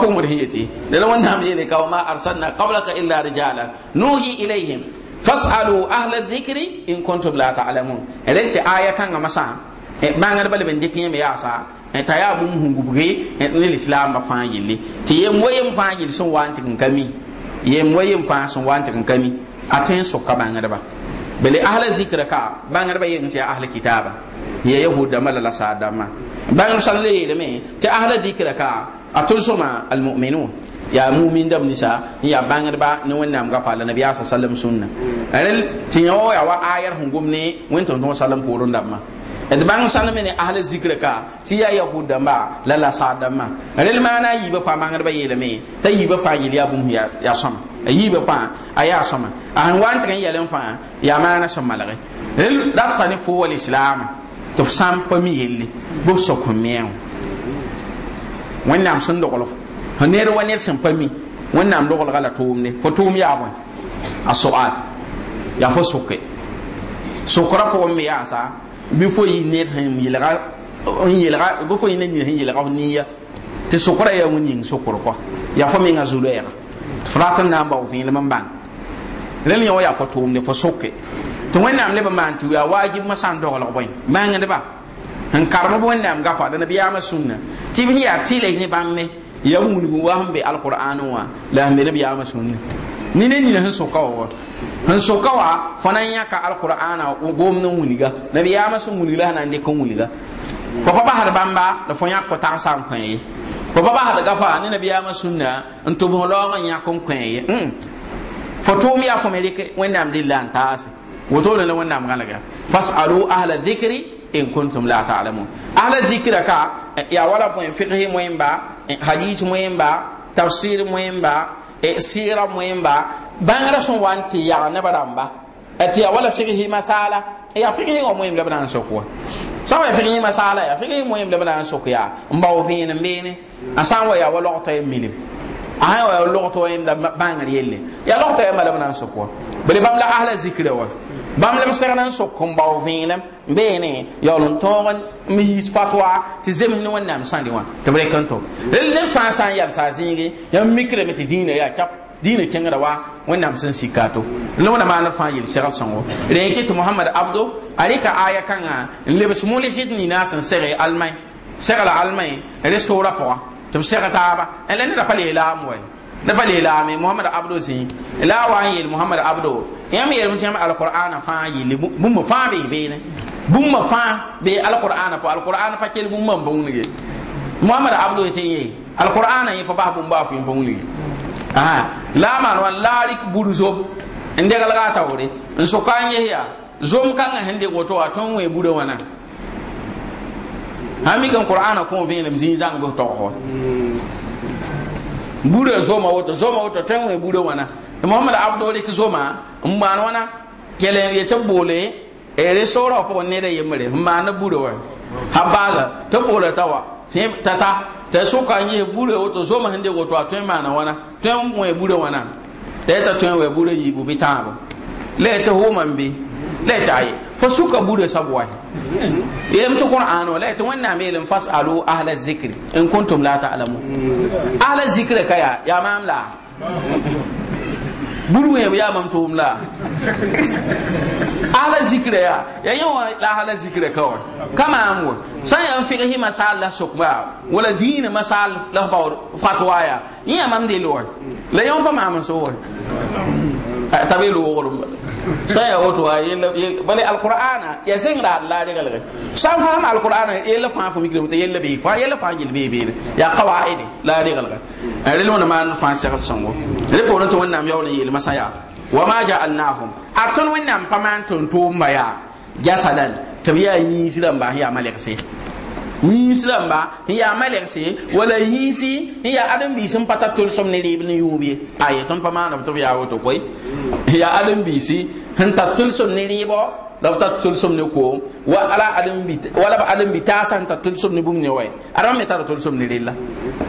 la ka arsalna qablaka illa rijala nuhi ilaihim fasalu ahla dhikri in kuntum la ta'lamun e rel tɩ aya kãngã masã bãngd e bala ben dɩk yasa yaasa t'a yaa bũmb sẽn gubge ne lislaamba fãa yem yem wa yem fãa sẽn wa n tɩg n kami a tõe n soka bãngdba bele ahla zikra ka yeng tɩ ya ahl kitaaba ya yahud la la dãmbã bãngd le yeelme tɩ ahla zikra ka a tʋl sõma almuminun yaa mumin dam ninsã n yaa bãngdba ne wẽnnaam ga paala nabiyaa sa sallam sũnna rel tɩ yã wa yaa wa aayr sẽn gom ne wẽn pʋʋrẽ dãmbã d bãng sãn ne asl zikrã ka tɩ yaa yahud dãmba la rel maana a yiibã pã bãngdbã yeelame t'a yiibã pã yel yaa bũmb yaa sõma a yiibã pã a yaa sõma a wa n tɩg n yɛl n fãa yaa maana sẽn malge rel ne fo wal tɩ f sã pa mi yelle b f sok meẽo wẽnnaam sẽn dogl ned wa ned sẽn pa mi wẽnnaam doglga la tʋʋmde fo tʋʋm yaa bõe a soal yaa fo soke pʋgẽ me yaasa bɩ fo yɩ ned sẽn yɩlga bɩ fo yɩ ne nin yi yɩlga f niya tɩ sʋkra yaa wẽ yĩng sʋkr kɔ yaa fo menga zu-loɛɛga tɩ f rat n na n bao vẽelem n bãng rel yã wa yaa fo tʋʋmde fo sʋke tɩ wẽnnaam leb n maan tɩ yaa waajibmã sã n doglg bõe maangdba n karem b wẽnnaam gapa da nabiyaamã sũnna tɩ b sẽn yaa tɩla ne bãmb me yaa wũnug wa sẽn alqur'an la ni ne nina sẽn sõka wã wa sẽn sõka wã fõ na n yãka alkʋraana na n wilga nabiyaamã sẽn wilga sã na n dɩk n wilga fo pa basd bãmba la fo yãk fo tagsa n kõ fa fo pa basd gafa ne nabiyaamã sũnna n tʋbs laoog n ma yi kõ ye fo tʋʋm yaa fo me rɩk wẽnnaam dɩlla n le wen la wẽnnaam gãlega fasalu ahla dhikri in kuntum la talamun ahla dhikra ka ya wala point fiqhi muhimba, eh, hadith muhimba, tafsir muhimba. E sira mwemba bangra sun wanti ya ne baramba ati e ya wala fiqhi masala e ya fiqhi wa mwemba bana sokwa sama ya fiqhi masala ya fiqhi mwemba bana sokya mbawo hin mbene asan wa ya wala qtay milif aya wa lɔgtɔ wa yẽnda bãngr yelle yaa lɔgta ya malam na n sʋk wa bele bãmb la ahla zikra wa bãmb la b segd n sʋk n bao vẽelem n beene yaool fatwa tɩ zems ne wẽnnaam sãde wã tɩ b rek n to ned fãa sã n a zĩige yãmb mikrame tɩ dĩinã kap dĩinã kẽngra wa wẽnnaam sẽn sika to la wẽna maan d fãa yel segb sõngo rẽn kɩ tɩ abdo a aya kãngã n lebs molɩkd ninaas almay segla almay restaurã tɩ b sɛg taaba la neda pa leelaam wa da pa leelaame mohamad abdo zĩ la wa n yeel mohamad abdo yãmb yeelm tɩ yãmb alqurana fãa yelle bũmba fãa bee beene bũmba fãa bee alqurana pa alqurana pa kell bũmba n pa wingre mohamad abdo tɩ n ye alqurana yẽ pa bas bũmba a fõe pa wingre la maan wa laarik bur zob n deglga a taoore n sʋka n yes yaa zom kãngã sẽn deg woto wa tõnd wẽ burã wãna ha mi kan qur'ana ko vẽenem zĩig zãng bf togsfa bura zoma woto zoma woto tõe wẽ bura wãna mohamad abdo zoma n maan wãna ye tɩ boole resoora pʋgẽ neda yembre n bura wa ha baaga tɩ ta wa tata t'a sʋka n yɩs bura woto zoma sẽn a tõe maana wãna tõe wẽ bura be la fo suka bude sabwa yem to qur'an wala to wanna melin fasalu ahla zikri in kuntum la ta'lamun ahla zikri kaya ya mam la buru ya ya mam to ahla zikri ya ya yi yawa la ahla zikri kawai, kama amwo san yan fiqhi masal la sukma wala dini masal la fatwa ya ya mam de lo la yon pa mam so tabilu wo sã ya woto wa bale alqur'ana ya sengra daga San sãn fãm alqur'ana yella fa fo mikre ta yella bee fa yella fa gil bee beene ya qawaidi la regalga eh, rel man fa sa segd sõngo rẽ ko tɩ to wannan n yeelmã sã masaya. wa ma ja'alnahum a tõnd wannan pa maan tʋm tʋʋmba yaa jasadan tabiya yi sidan ba hiya malik sai yĩis rãmba n yaa malgse wala yĩisi n yaa adem-biisi n pa tar tʋlsem ne reeb ne yũub ye aye tõnd pa maaneb tɩ b yaa woto koy n yaa adem-biisi n tar tʋlsem ne rɩɩbɔ la b tar tʋlsem ne koom wala b adem-bi taasa n tar tʋlsem ne bũmb ne wɛ adama me tara tʋlsem ne rella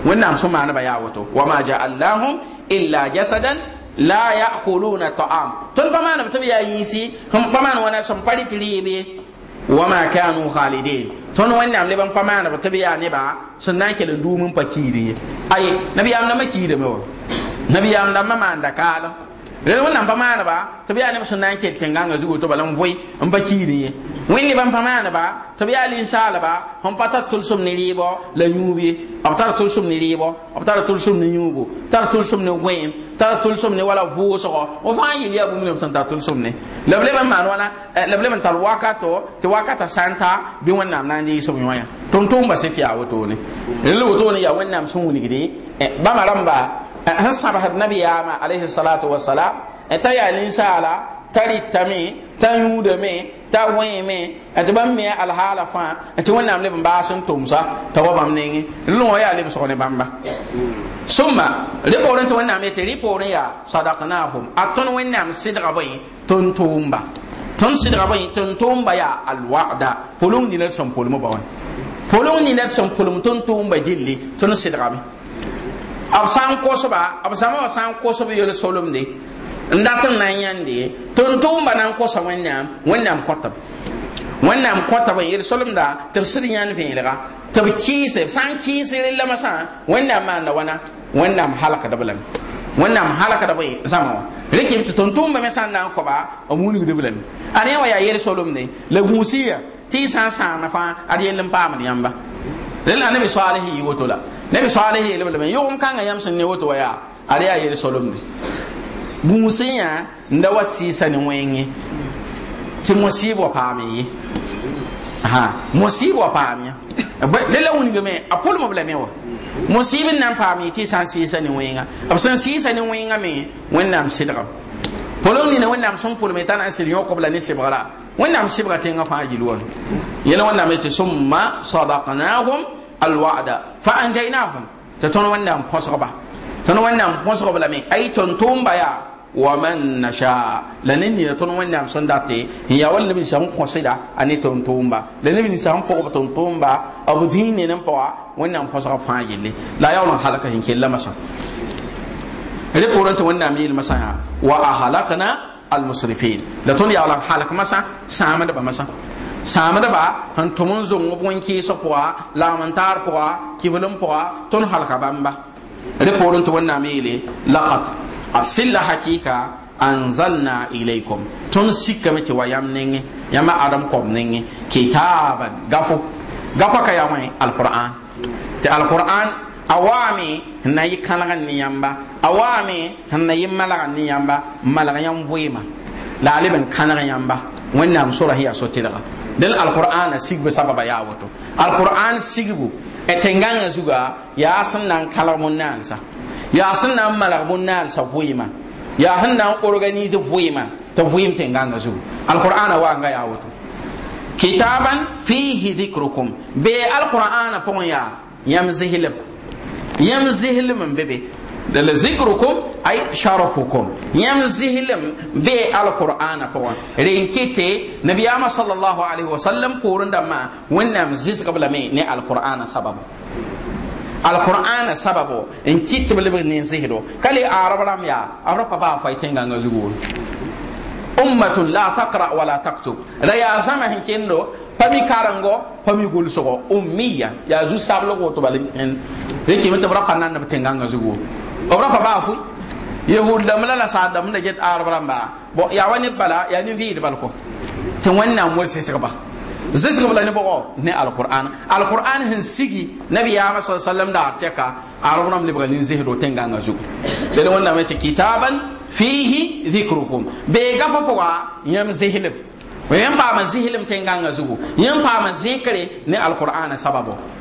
wẽnnaam sẽn maanebã yaa woto wama jaalnahum illa jasadan la yakuluna ta'am tõnd pa maaneb tɩ b yaa yĩisi pa maan wãna sẽn pa rɩ tɩ rɩɩb ye wama kanu khalidin ton wannam leban pamana ba tabiya ne ba sunna ke dumun pakiri ai nabi na makiri me wa nabiyam da mamanda kala rel wẽnnaam pa maaneba tɩ b yaa neb sẽn na n ket kẽngãngã zugu tɩ bala n vʋɩ n pa kiir ye wẽnd lebã n pa maaneba tɩ b yaa linsaalba sẽn pa tar tʋlsem ne rɩɩbɔ la yũub ye b tara tʋlsem ne rɩɩbɔ b tara tʋlsem ne yũubu tara tʋlsem ne wẽem tʋlsem ne wala vʋʋsgɔ fo fãa n yel yaa bũmb sẽn tar tʋlsem ne la b leb n maan wãna la eh, b leb n tar wakato tɩ wakata sã n ta bɩ wẽnnaam na n deeg sb yõyã tʋm-tʋʋmba sẽn fɩ yaa wotone rel wotone yaa wẽnnaam sẽn wilgde eh, bãmba rãmba ان صبح النبي عام عليه الصلاه والسلام اتى الانسان تري تمي تنود مي تاوي مي اتبم مي الحاله فا اتو نام لي بمباشن تومسا تو بام ني لو يا لي بسوني بامبا ثم ريبورن تو نام تي ريبورن يا صدقناهم اتون وين نام سيد غبي تونتومبا تون سيد غبي تونتومبا يا الوعد بولون ني نسم بولمو باون بولون ني نسم بولم تونتومبا جيلي تون سيد غبي b sã ba kosba b zãma wã sã n kosb yel na n yãnde tʋm-tʋʋmba kosa wẽnnaam wẽnnaam kõtb wẽnnaam kõtb n yel-solemda tɩ b sɩd yãnd vẽelga tɩ b kɩɩse b sã n kɩɩse rẽ lamasã wẽnnaam maanda wãna wẽnnaam halkdb lame wẽnnaam halkdb zãma wã rẽkem na a ne wã yaa la musiya ya san y sã n sãana fãa ad yell n paamd yãmba rẽl anabi nabi salih yeele bla yom kanga yam sun ne woto waya ari ya yele solomne bumusinya nda wasisa ni wengi ti musibo paami ha musibo paami lela wuni game apol mo bla me wa musibin nan paami ti san sisa ni wenga ab san sisa ni wenga me wennam sidra polom ni na wennam sun polme tan an sir yoko bla ni sibra wennam sibra te nga fa jilwa yela wennam te summa sadaqnahum الوعد فانجيناهم تتون نام فسغبا تتون نام فسغبا لمي اي تنتوم بايا ومن نشاء لنني تتون نام سنداتي هي ولي من سام قصيدا اني تنتومبا لنني من سام قوب تنتومبا ابو ديني نمبوا وندم فسغ فاجلي لا يولا حلقة ان كي لمسا هذه قرآن تونا ميل مسها وأهلكنا المصرفين لتون يا الله حالك مسا سامد بمسا sãamdba sẽn tʋm n zong b wẽn-kɩɩsg pʋga lagem-n-taar pʋga kɩblem pʋga tõnd halka bãmba rẽ poorẽ tɩ wẽnnaam yeele laqad asilla hakɩɩka anzalna ilaykum tõnd sikame tɩ wa yãmb nengẽ yãmb adam kɔb nengẽ kitaban gafo gafa ka yaa wẽ alquran tɩ alquran a waame sẽn na yɩ kãlg n ne yãmba a waame sẽn na yɩ malg n ne yãmba n malg yãmb vɩɩma la a leb n kãneg yãmba wẽnnaam sora sẽn yaa so del alquran sigbe sababa ya woto alquran sigbu etenganga zuga ya san nan kala mun nan sa ya san nan malak mun nan sa fuima ya han nan organize fuima ta fuim tenganga zuga alquran wa nga ya woto kitaban fihi dhikrukum be alquran pon ya yam zihilab yam zihilum bebe dala zikrukum ay sharafukum yam zihilm be alqur'ana pon renkite nabiyama sallallahu alaihi wasallam purunda ma wannam zis qabla me ne alqur'ana sababu alqur'ana sababu en kitte bele ne zihdo kali arabram ya abra papa fa itenga ngazugo ummatun la taqra wa la taktub la ya sama hinkendo pami karango pami gulsogo ummiya ya zu sablo go to balin en renkite bra panan na tenga ngazugo b ra pa baa fu yehud dam la la sãad dam da get aarb rãmba bo ya wani bala ya ni vid bal kɔ tɩ wẽnnaam wel sɩsgba zɩsgb la ne al ne alquran alquran hin sigi nabi nabiyaamã sa sallam daar tɛka aarb rãmb lebga nin-zesdo tẽngãngã zugu dẽd wẽnnaam tɩ kitaban fihi dhikrukum beega pa pʋga yãmb zɩslb yẽn paama zɩslm tẽngãngã zugu yẽn paama zẽkre ne alqurana sababo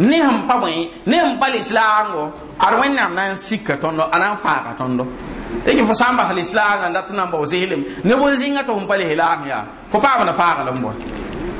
ne sẽn pa bõe ne sẽn pa lislaaango ad wẽnnaam na n sika tondo anan na n faaka tõndo yake fo sãn bas lislaaanga n dat n na n bao zislem ne bõn zĩngã tɩ fõn pa lislaam yaa fo paam na faaglem bõe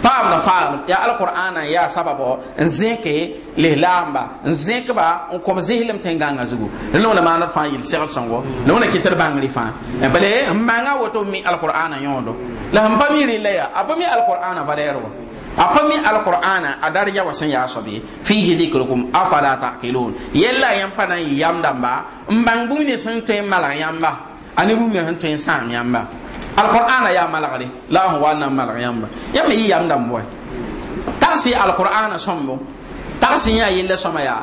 paam na faaglem ya alqur'ana n yaa sababo n zẽke lislaamba n zẽkba n kõb zislem tɩ n gãngã zugu rẽ wẽna maana d fãa yel segl-sõngo la wẽna kɩtd bãngri fãa e bale n maanga woto mi alqur'ana yõodo la sẽn mi rẽ la yaa a pa mi al va rɛɛr wa apa mi a adar ya wasan ya sobi fihi dhikrukum afala taqilun yella yam pana yam damba mbangbu ne sun to mala yamba ani bu mi han to sam yamba alqur'ana ya malagri la huwa na mala yamba yam yi yam dambo taksi alqur'ana sombo taksi ya yella soma ya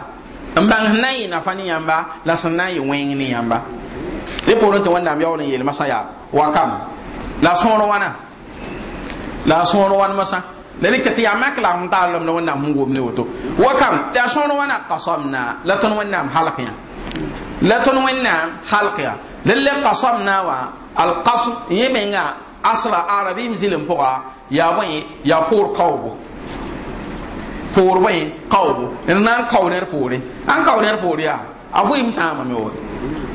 mbang na yi na fani yamba la yi wengi ni yamba masa لن كتي عمك لا متعلم لو نام هو من وتو وكم لا شون وانا قصمنا لا تون وانا حلقيا لا تون وانا حلقيا لل قصمنا وا القصم يمنع أصل عربي مزلم بوا يا وين يا بور كوب بور وين كوب إننا كونر بوري أن كونر بوريا أفو إمسان ميو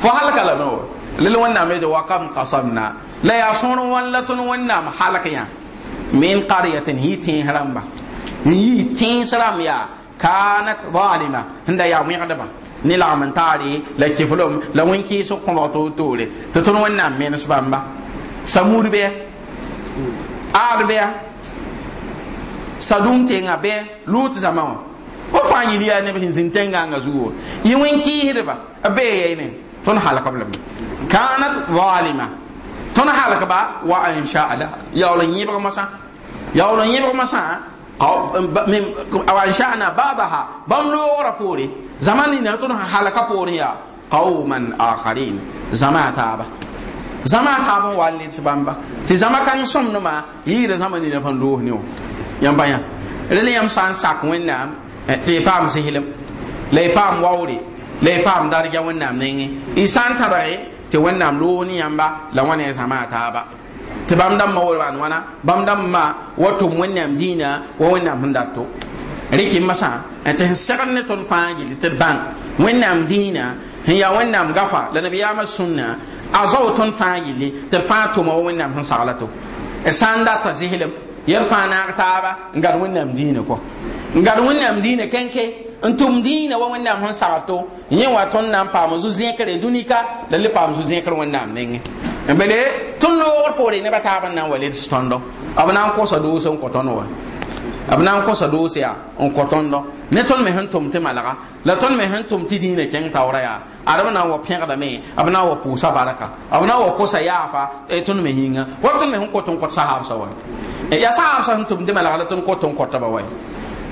فهلك لا ميو لل وانا ميدو وكم قصمنا لا يا شون وانا لا تون وانا حلقيا min qaryatin hi tin ramba yi tin saram ya kanat zalima hinda ya mu ba ni la man tari la kiflum la won ki so ko to tore to ton wannan men su samur be ar be sadum tenga be lut zamawa o fanyi liya ne bin zin tenga nga zuwo yi won ki hirba be yene tun halaka blam kanat zalima tun halaka ba wa an sha ala ya wala yi ba masa yaool n yẽbg masã wanshana badaha bãmb loogrã poore zãma nina tɩ d halka poor yaa qauman akharin zãma a taaba zãma a taab n wa n leds bãmba tɩ zãma kãng sõmdmã yɩɩra zãma nina pãn loos ne wã yãmb bãyã rel yãmb sã n sak wẽnnaam eh, tɩ y paam zislem la y paam waoore la y paam darga wẽnnaam nengẽ y sã n tadge tɩ wẽnnaam loos ne yãmba la wã ne a zãma a bam bãmb dãmbã wa maan wãna bãmb dãmbã wa tʋm wẽnnaam dĩinã wa wẽnnaam sẽn dat to rɩkɩ masã tɩ ne ton fãa ti ban tɩ bãng wẽnnaam dĩinã gafa la nabi ya mas sunna tõnd ton yɩlle tɩ d fãa tʋma wa wẽnnaam sẽn sagla to e ta zihilim, n data zɩslem taaba ngar gad wẽnnaam dĩinã Ngar n gad kenke, ntum kẽnke wa wẽnnaam sẽn sagl to yẽ wa tõnd na n paam zu zẽkre dunika, lalle le zu zẽkr wẽnnaam nengẽ bele tun loogr poore nebã taab n na n wa leds tõndo b do n kõsa doose n kõ tõnd wa b na on ko doose ne ton me hen tʋm tɩ la ton me hen tʋm tɩ dĩinã kẽng taoorã ya ad b na n wa pẽgdame b na n wa pʋʋsa barka b na n ya fa yaafa ton me yĩnga wa ton tõnd me sẽn kõt n sahab sa wa yaa sahaabsã sẽn tʋm tɩ malga la ton ko ta kõtba wa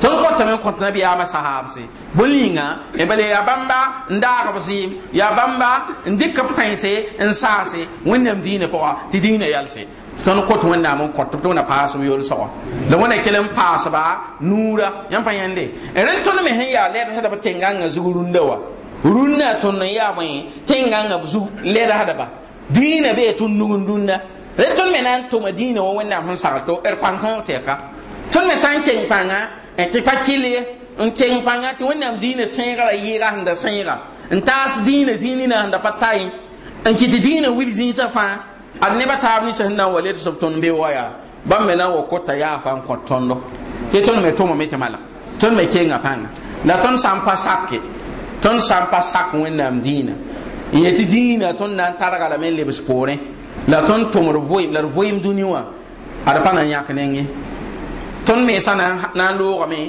tõnd kõtame n kõt nabiyaamã sahaabse bõn yĩnga bala yaa bãmba n daagbse yaa bãmba n dɩk b pãense n saase wẽnnaam diinã pʋga tɩ diinã yalse tõnd kot wẽnnaam n kõt b tɩ wẽna paasb yool-soagɔ la kelen kell ba nura nuura yãmb pa yẽnde rel tõnd me sẽn yaa lɛdsdb tẽngãngã zug rũndã wa rũnnã tõnd n yaa bõe tẽngãngã b zug lɛdsdba dĩinã bee tõnd nugend rũndã rel tõnd me na n tʋma nan wã wẽnnaam sẽn sagl tɩ d pãng tõog tɛka tõnd me sã n E tɩ pa kɩl ye n keng pãnga tɩ wẽnnaam diinã sẽegrã yɩɩga sẽn da sẽega n taas diinã zĩig nina sẽn da pa tae n kɩ tɩ diinã wil zĩisã fãa ad nebã taab ninsã sẽn na n wa led sb tõnd be wa yaa bãmb me na n wa kota yaafã n kõ tõndo tɩ tõnd me tʋmame tɩ mala tõnd me kenga pãnga la tõnd sã n pa sake tõnd sã n pa sak wẽnnaam diinã n yetɩ diinã tõnd na n targa lame n lebs poorẽ la tõnd tʋmd voɩm la d voɩm dũni wã ad pa na n yãk nengẽ Ton me sa na n me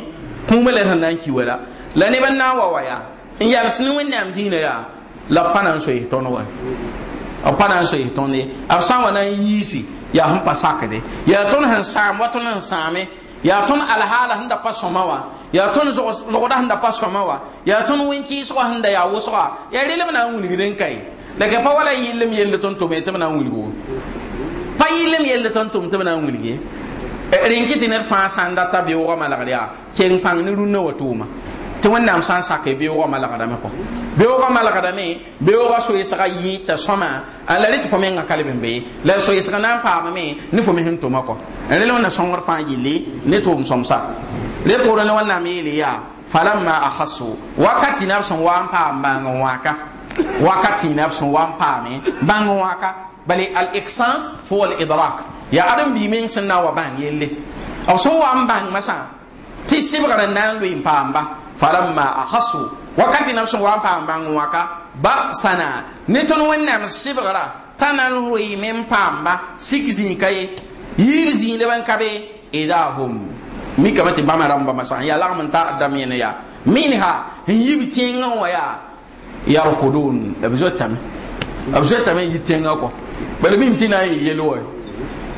kũumã la sẽn na n ki wala la ni ban na wa wa ya in ya yals ne nam dina ya la panan so yi ton soes tõnd wa b pa na n soes tõnd ye b wa na n yiisi yaa sẽn pa sakde ya tõnd han sãam wa tõnd han sãame yaa tõnd alhaala sẽn da pa sõma wa yaa tõnd zo da pa sõma wa yaa tõnd wẽn-kɩɩsgã sẽn da yaa wʋsga yaa rel b na n wilgd n kae la pa wala yɩllem yell tõnd ta tɩ b na go pa yi yell ton to tɩ b na n rẽnkɩ tɩ ned fãa sã n data beoogã malgd yaa keng pãng ne rũnnã wa tʋʋma tɩ wẽnnaam sã n sake beoogã malgdame kɔ beoogã malgdame beoogã soɩsga yɩ t'a sõma a la rɩ tɩ fo mengã kalb n be la soɩsg na n paamame ne fo me sẽn tʋma kɔ rẽl wẽnna sõngr fãa yelle ne tʋʋm sõmsa rẽ pʋgrẽ la wẽnnaam yeele yaa falamma ahasu wakati nab sẽn wa n paam bãng n wãka wakati nab sẽn wa n paame bãng n wãka bale al-excence fo wal-idrak ya adam bi min sẽn na wa bãng yelle aw so wa n masa ti tɩ sɩbgr na n impamba n paamba wa ahasu wakati na sẽn wa pamba paam ba sana ne tõnd wẽnnaam sɩbgra t'a tanan ru yi min pamba sikizin kai yirzi le ban kabe idahum mi ka be ida hum masa tɩ bãmba rãmba ta adam yene ya minha yibi yib wa ya yaa yarkudun abzotam zotame b zotame n yi tẽngã kɔ wa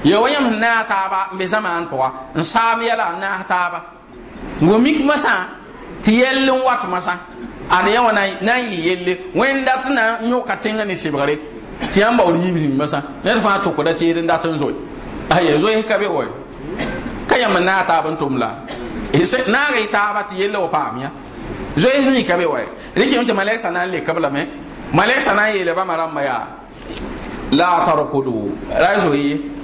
ya wayam na ta taaba n be zãmaan wa, n saam yɛla n naag taaba wa mik masã tɩ ti n wat masa, ad yã wã na n yɩ yelle wẽnda tɩ na n yõka tẽngã ne sebgre tɩ yãmb baoor ne zĩnd masã ned fãa tʋkda teed n dat zo, zoe zo zoe ka be wayo ka yãmb na naag taab n tʋm la naaga ta taaba ti yelle o paam zo zoe ni ka be wayo rɩkem tɩ malɛksa na le kabla me, malɛksa na n ba bãmba rãmba yaa la tarqudu ra zoe ye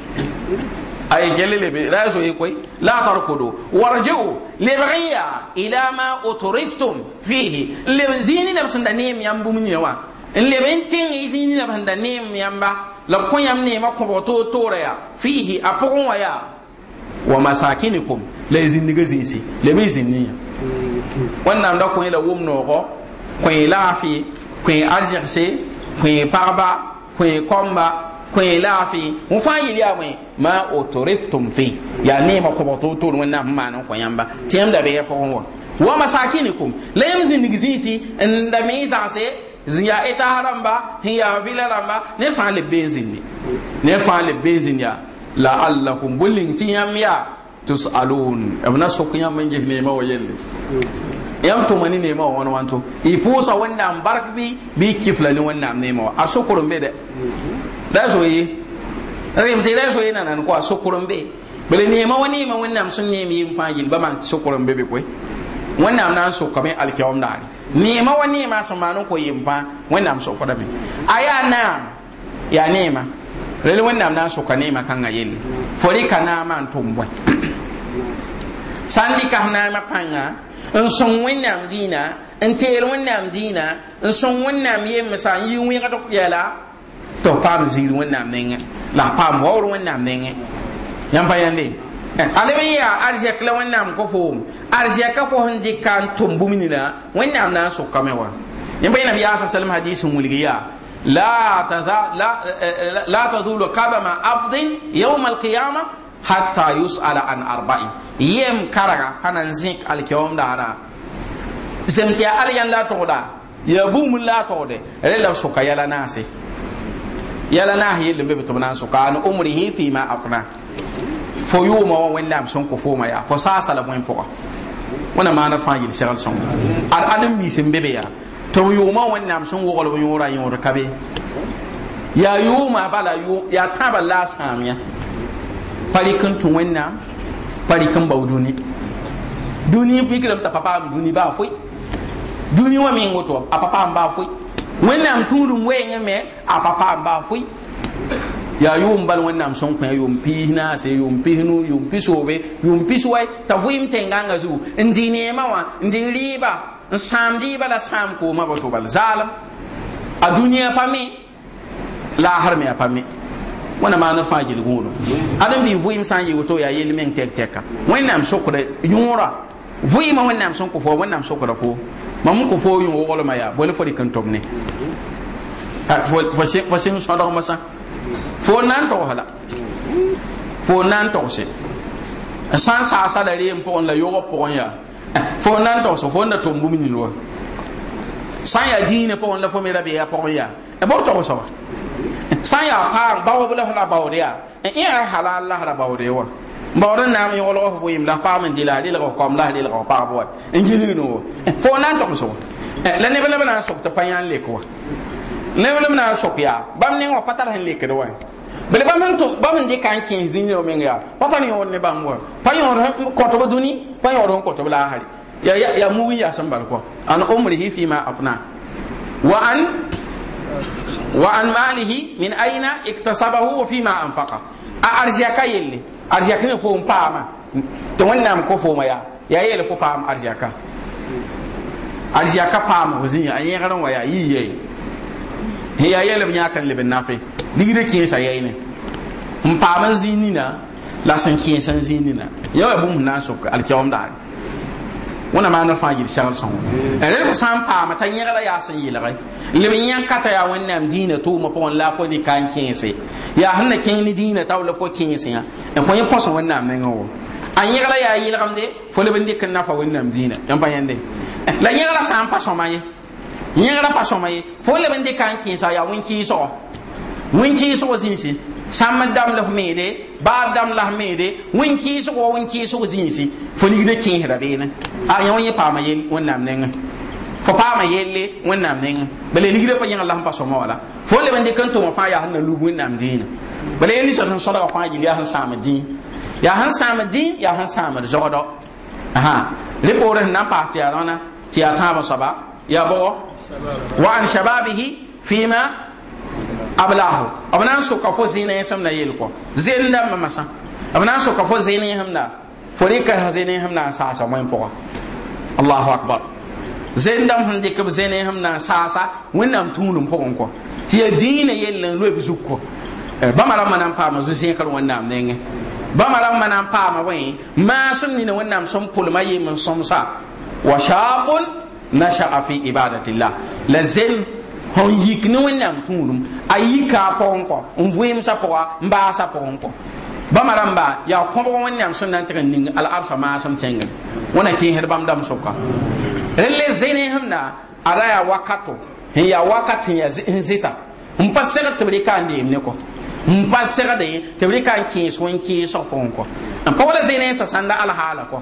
ay gelele be la yi koy la tarkudu warji'u libghiya ila ma utriftum fihi lebzini na sunda nim yambu munyewa zini na banda la ne ma ko tore ya fihi apogon waya wa masakinikum zini ga zinsi zini wannan da ko ila wumno ko ko lafi parba komba kwen lafi mun fa yili awe ma utriftum fi ya ne ma ko to to wannan ma nan ko yamba tiyam da be ko wa wa masakinikum la yamzin digzisi inda me isa se ziya eta haramba hiya vila ramba ne fa le benzin ni ne fa le benzin ya la allakum bulin tiyam ya tusalun abna sokunya man jehne ma wayelle yam to mani nema wani wanto ipusa wannan barkbi bi kiflani wannan nema a sokurun be da da yi rem te da zoye na nan kwa sokurum be bele ni ma wani ma wannan sun ne mi fa gil ba so sokurum be be ko wannan nan so kame alkiyam da ni ma wani ma sun ma nan ko yin fa wannan so ko da be aya na ya ne ma rele wannan nan so ka ne ma kan ga yele fori kana man tumbo sandi ka na ma panga n sõng wẽnnaam dĩinã n teel wẽnnaam dĩinã n sõng wẽnnaam yembsã n yi ka to yala. to pam zir zĩigr wẽnnaam nengẽ la pam wor waoor wẽnnaam nengẽ yãmb pa yãnde ale me yaa arzɛk la wẽnnaam kɔ foom arzɛkã fo sẽn dɩka n tʋm bũmb nina wẽnnaam na so sʋkame wa yẽmb pa bi asa salam hadis mul giya la yaa la la tazulu kabama yawm al qiyamah hatta yus'ala an arba'i yem karaga hanan zik al kiyam alkiyaom daarã zem al yanda la a tʋgda la a tʋgde rẽ la b sʋka yala na hi lembe bi tumna su umri umrihi fi ma afna fo yuma wa wenda am son ko fo ma ya fo sa sala mo impo wana mana fa yil shagal son ar anam mi sin bebe ya to yuma wanda am son wogol won yura yora kabe ya yuma bala yu ya taba la samia pari kan tun wanda pari kan bauduni duni bikram ta papa duni ba foi duni wa mi ngoto a papa am ba foi wẽnnaam tũudum wɛɛngẽ me a pa paam baa yaa yʋʋm bal wẽnnaam sẽn kõ yʋʋm piis naase yʋʋm pis nuur yʋʋm pis soobe yʋʋm pis wɛ t'a vɩɩm tẽngãngã zugu n dɩ neemã wã n dɩ rɩɩba n sãam la sãam koomã bal zaalem a dũniyã pa me laasr me a pa me wẽna maana fãa gil gũudum ãdem-biig vɩɩm sã n yɩ woto yaa yell meng tɛk-tɛka wẽnnaam sokd yõora vɩɩmã wẽnnaam sẽn kõ fo wẽnnaam sokda fo mam ko fo yõ wʋglmã yaa bõe la fo rɩk n tʋm ne fo sẽn sõdgmã sã fo na n togsla fo na n togse sã n saasa la reem pʋgẽ la yʋgb pʋgẽ yaa fo na n fo n da tʋm bũmb nin wa sã n yaa dĩinã pʋgẽ la fo me ra beya pʋgẽ ya. E bo togsa wa san ya yaa paam baoob la la baood yaa ya. E a halal la ra baoode wa bawr nam yolgo fo boyim la paam n dila rel ko kom la rel ko paam wa n jili no fo nan to so la ne bela na sok ta payan le ko ne bela na sok ya bam ne wa patar han le ko wa bele bam to bam de kan kin zin yo men ya patar yo ne bam wa payon ko to duni payon ko to la hari ya ya ya mu ya san bar ko an hi fi ma afna wa an wa an malihi min aina iktasabahu wa fi ma anfaqa a arziya ka yelle arziya ka ne fo n paama tɩ wẽnnaam ko fooma ya, ya yi fo paam arziya ka arziya ka paam ko zĩiga a yẽgr waya wa yi yii yee sẽn yaa yeele b kan leb nafe digda kẽesa sa yayi ne n zĩig zinina la sẽn kẽes n zĩig nina yã wa bũmb na n sʋk wẽna maana fãa yel segl sẽn wã ko san pa paama t'a yẽgra yaa sẽn kai. leb n yan kata yaa wẽnnaam dĩinã tʋʋmã pʋgẽ la fo dɩka n kẽese yaa sẽn na kẽes ni dĩinã taw la fo kẽesẽ n fo yẽ põsẽ wẽnnaam nengẽ wo a yẽgra kam de fo leb n dɩk n nafa wẽnnaam dĩinã n pa yẽnde la yẽgra sã n pa sõma ye yẽgra pa sõma ye fo leb n dɩka n kẽesa yaa wẽn-kɩɩsgɔ so kɩɩsgɔ zĩise sãmb n dam la f meede baab dam la f meede wẽn kɩɩsg wa wẽn kɩɩsg zĩisi fo ligda kẽesda beene a yã wẽn yẽ paama yel wẽnnaam nengẽ fo paama yelle wẽnnaam nengẽ bala ligda pa yẽng la sẽn pa sõma wala fo leb n dɩk n tʋm fãa yaa sẽn na lub wẽnnaam dĩinã bala yẽ ninsã sẽn sõdga fãa gil yaa sẽn sãam dĩin yaa sẽn sãam dĩin yaa sẽn sãamd zogdɔ rẽ poorẽ sẽn na n paas tɩ yaa rõna tɩ yaa tãab soaba yaa bʋgɔ wa an shababihi fima ablahu b na n soka fo zẽena yẽ sẽm na yel kɔ zen dãmbã masã b na n soka fo zẽen yẽsemda fo rɩka zẽen yẽsem na n saasa wẽn pʋga allahu akbar zẽn dãmb sẽn dɩk b zẽen yẽsem na n saasa wẽnnaam tũudum pʋgẽ kɔ tɩ yaa dĩinã yell n loeb zug kɔ eh, bãmba rãmbã na n paama zu-zẽkr wẽnnaam nengẽ bãmba rãmbã na n paama bõe maasem nina wẽnnaam sẽn pʋlma yem n sõmsa wa shaabun nasha'a fi ibadatillah la zen fo yik ni wẽnnaam tũudum a yikã pʋgẽ kɔ n vɩɩmsã pʋga n baasã pʋgẽ kɔ bãmba rãmba yaa kõbg wẽnnaam sẽn na n tɩg n ning al arsa maasem tẽngr wẽna kẽesd bãmb dãmb sʋka rẽ le zene sẽn na a ra yaa wakato n yaa wakat n zɩsa n pa segd tɩ b rɩka n deem ne kɔ n pa segde tɩ b rɩka n kẽes wẽn kẽesg pʋgẽ kɔ n pa sãnda alhaala kɔ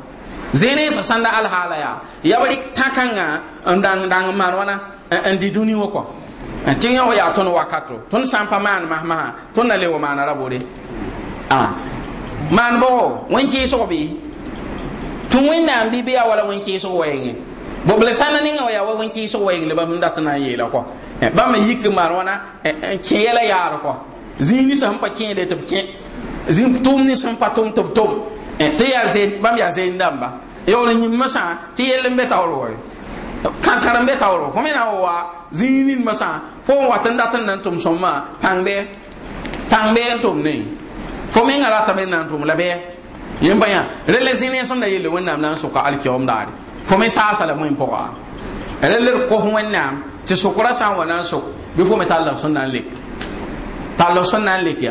zene sa sanda alhala ya ya bari takanga ndang ndang marwana ndi eh, eh, duni wako eh, tin ya ya ton wakato ton sampa man mahma ton na lewo man rabore ah man bo won ki so bi tun win na bi biya wala won ki so wayin bo bla sana ninga ya won ki so wayin le ba mun datna yela ko ba ma yik marwana ki yela yar ko zini sampa ki de tabke zin tumni sampa tum tum tum tɩ yaa sẽn bãmb yaa dãmba yaoor tɩ yell n be taoor wa kãsgr n be taoor fo me na n wa zĩig fo n wat n dat n na n tʋm fo n na n tʋm la yã wẽnnaam na n alkiom daare fo me saasa la pʋga d kos wẽnnaam tɩ sã n wa na n bɩ fo me tall sẽn na n lek tall sẽn na n lek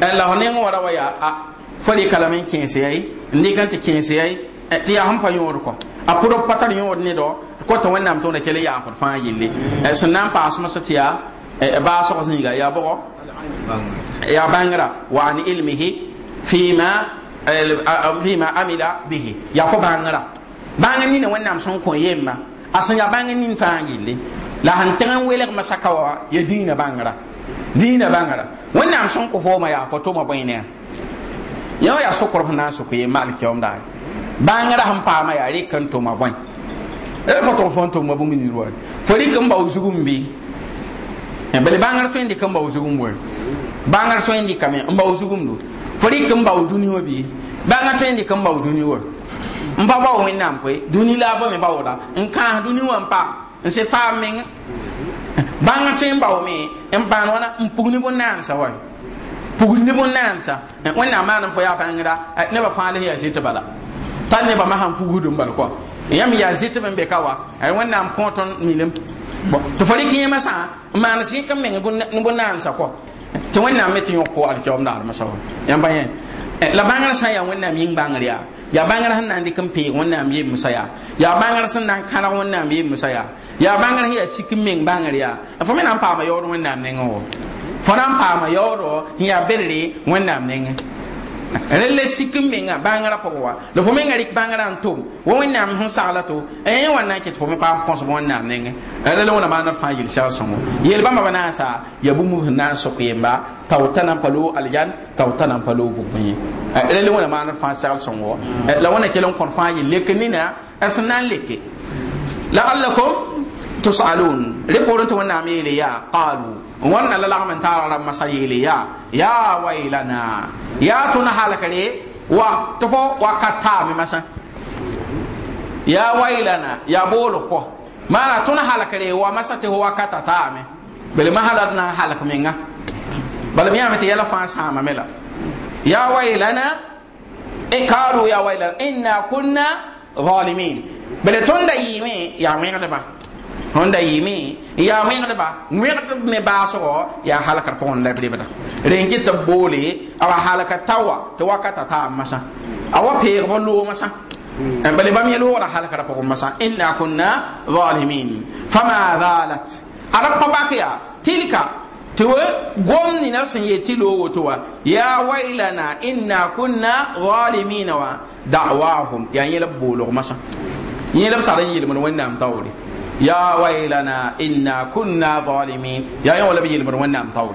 la f e wa ra wa fo rɩka lame n kẽese ya ye n dɩka n tɩ kẽese ya ye tɩ yaa sẽn pa yõod kɔ a pʋdb pa tar yõod ne dɔ kota wẽnnaam tʋgda kell yaafd fãa yelle sẽn na n paasmsd tɩ yaa baasg zĩiga yaa bʋgɔ yaa bãngra wa an ilmihi fima fima amila bihi yaa fo bãngra bãng nina wẽnnaam sẽn kõ yemba a sẽn yaa bãng nin fãa yelle la sẽn tẽg n welgma saka wa ya diinã bãngra diinã bãngra wẽnnaam sẽn kõ fooma yaa fo tʋma bõe ne a yõ yaa sokrf na n sʋk yee maalk yaoomdaare bãngda sẽn paama yaa rɩk n tʋma bõe d fo tʋg fo n tʋgma bũmb nir wa fo rɩk n bao zugum bɩ eh, bele bãngr tõe n dɩk n bao zugum wa bãngr tõe n dɩkame eh, n bao zugumdo fo rɩk n bao dũni wã bɩ bãngr tõe n dɩk n bao dũni wa n pa bao wẽnnaam koe dũni la a bõe baooda n kãas dũni wã n n sɩd paam bãngr tõe n n wãna n pugni bõn wa pugl ne eh, bõn-naamsã wẽnnaam maan n fo eh, ne ba nebã fãa ya zita bala la ne ba ma sãn fugsd n bal kɔa yãmb ya zita men be ka wa wẽnnaam kõ tõnd milem tɩ fo maana si sã n maan sɩk n meng bõn-naamsã kɔ tɩ wẽnnaam me tɩ yõk fo alkiom daarmã sa yãmba yẽ la bãngr sã n yaa wẽnnaam yĩng ya bangar sẽn na n dɩk n peeg wẽnnaam yembm sa yaa yaa bãngr sẽn na ya kãneg wẽnnaam yembm sa yaa yaa bãngr sẽn yaa sik n meng bãngr yaa fo am pa ma yo won na nengẽ ngo fo eh, na n paama yaoodɔ n yaa berre wẽnnaam nengẽ rẽl la sikm menga bãngrã pʋgẽ wa la fo menga rɩk bãngrã n tʋm wa wẽnnaam sẽn sagla to ẽ wã na n kẽt fo paam kõsb wẽnnaam nengẽ rẽl wẽna maana d fãa yel segl sõngo yel bãmba ba na n saa yaa bũmb sẽn na n sʋk yemba t'a na n pa t'a wota na n pa loog bʋgbẽ maana d fãa la wẽna kell n kõr fãa yel lek nina d er sẽn leke. n leke lagallakum tusalun rẽ poorẽ tɩ wẽnnaam yaa qaalu wannan la lagman tara ram masayili ya ya wailana ya tun halakare wa tofo wa katta mi masa ya wailana ya bolo ko mana tun halakare wa masa te wa katta ta mi bele mahalar na halak menga bala mi amati yala fa sama mela ya wailana e karu ya wailana inna kunna zalimin bele tun da yime ya menga da ba honda yimi ya wẽgdba wẽgd me baasgɔ yaa halka d pʋgẽ la b lebda rẽn kɩ tɩ b boole b halka ta wa tɩ wakata taam masã a wa peegba loomã بل بام يلو ولا حالك رفقهم مسا إنا كنا ظالمين فما ذالت أرب باقيا تلك تو قومني نفسا يتلو وتوا يا ويلنا إنا كنا ظالمين ودعواهم يعني يلبوا لغ مسا يلب ترين يلمن وين نام تولي Ya wayilana ina kunna ba walimin. Ya yi kuma wu la biyilin mura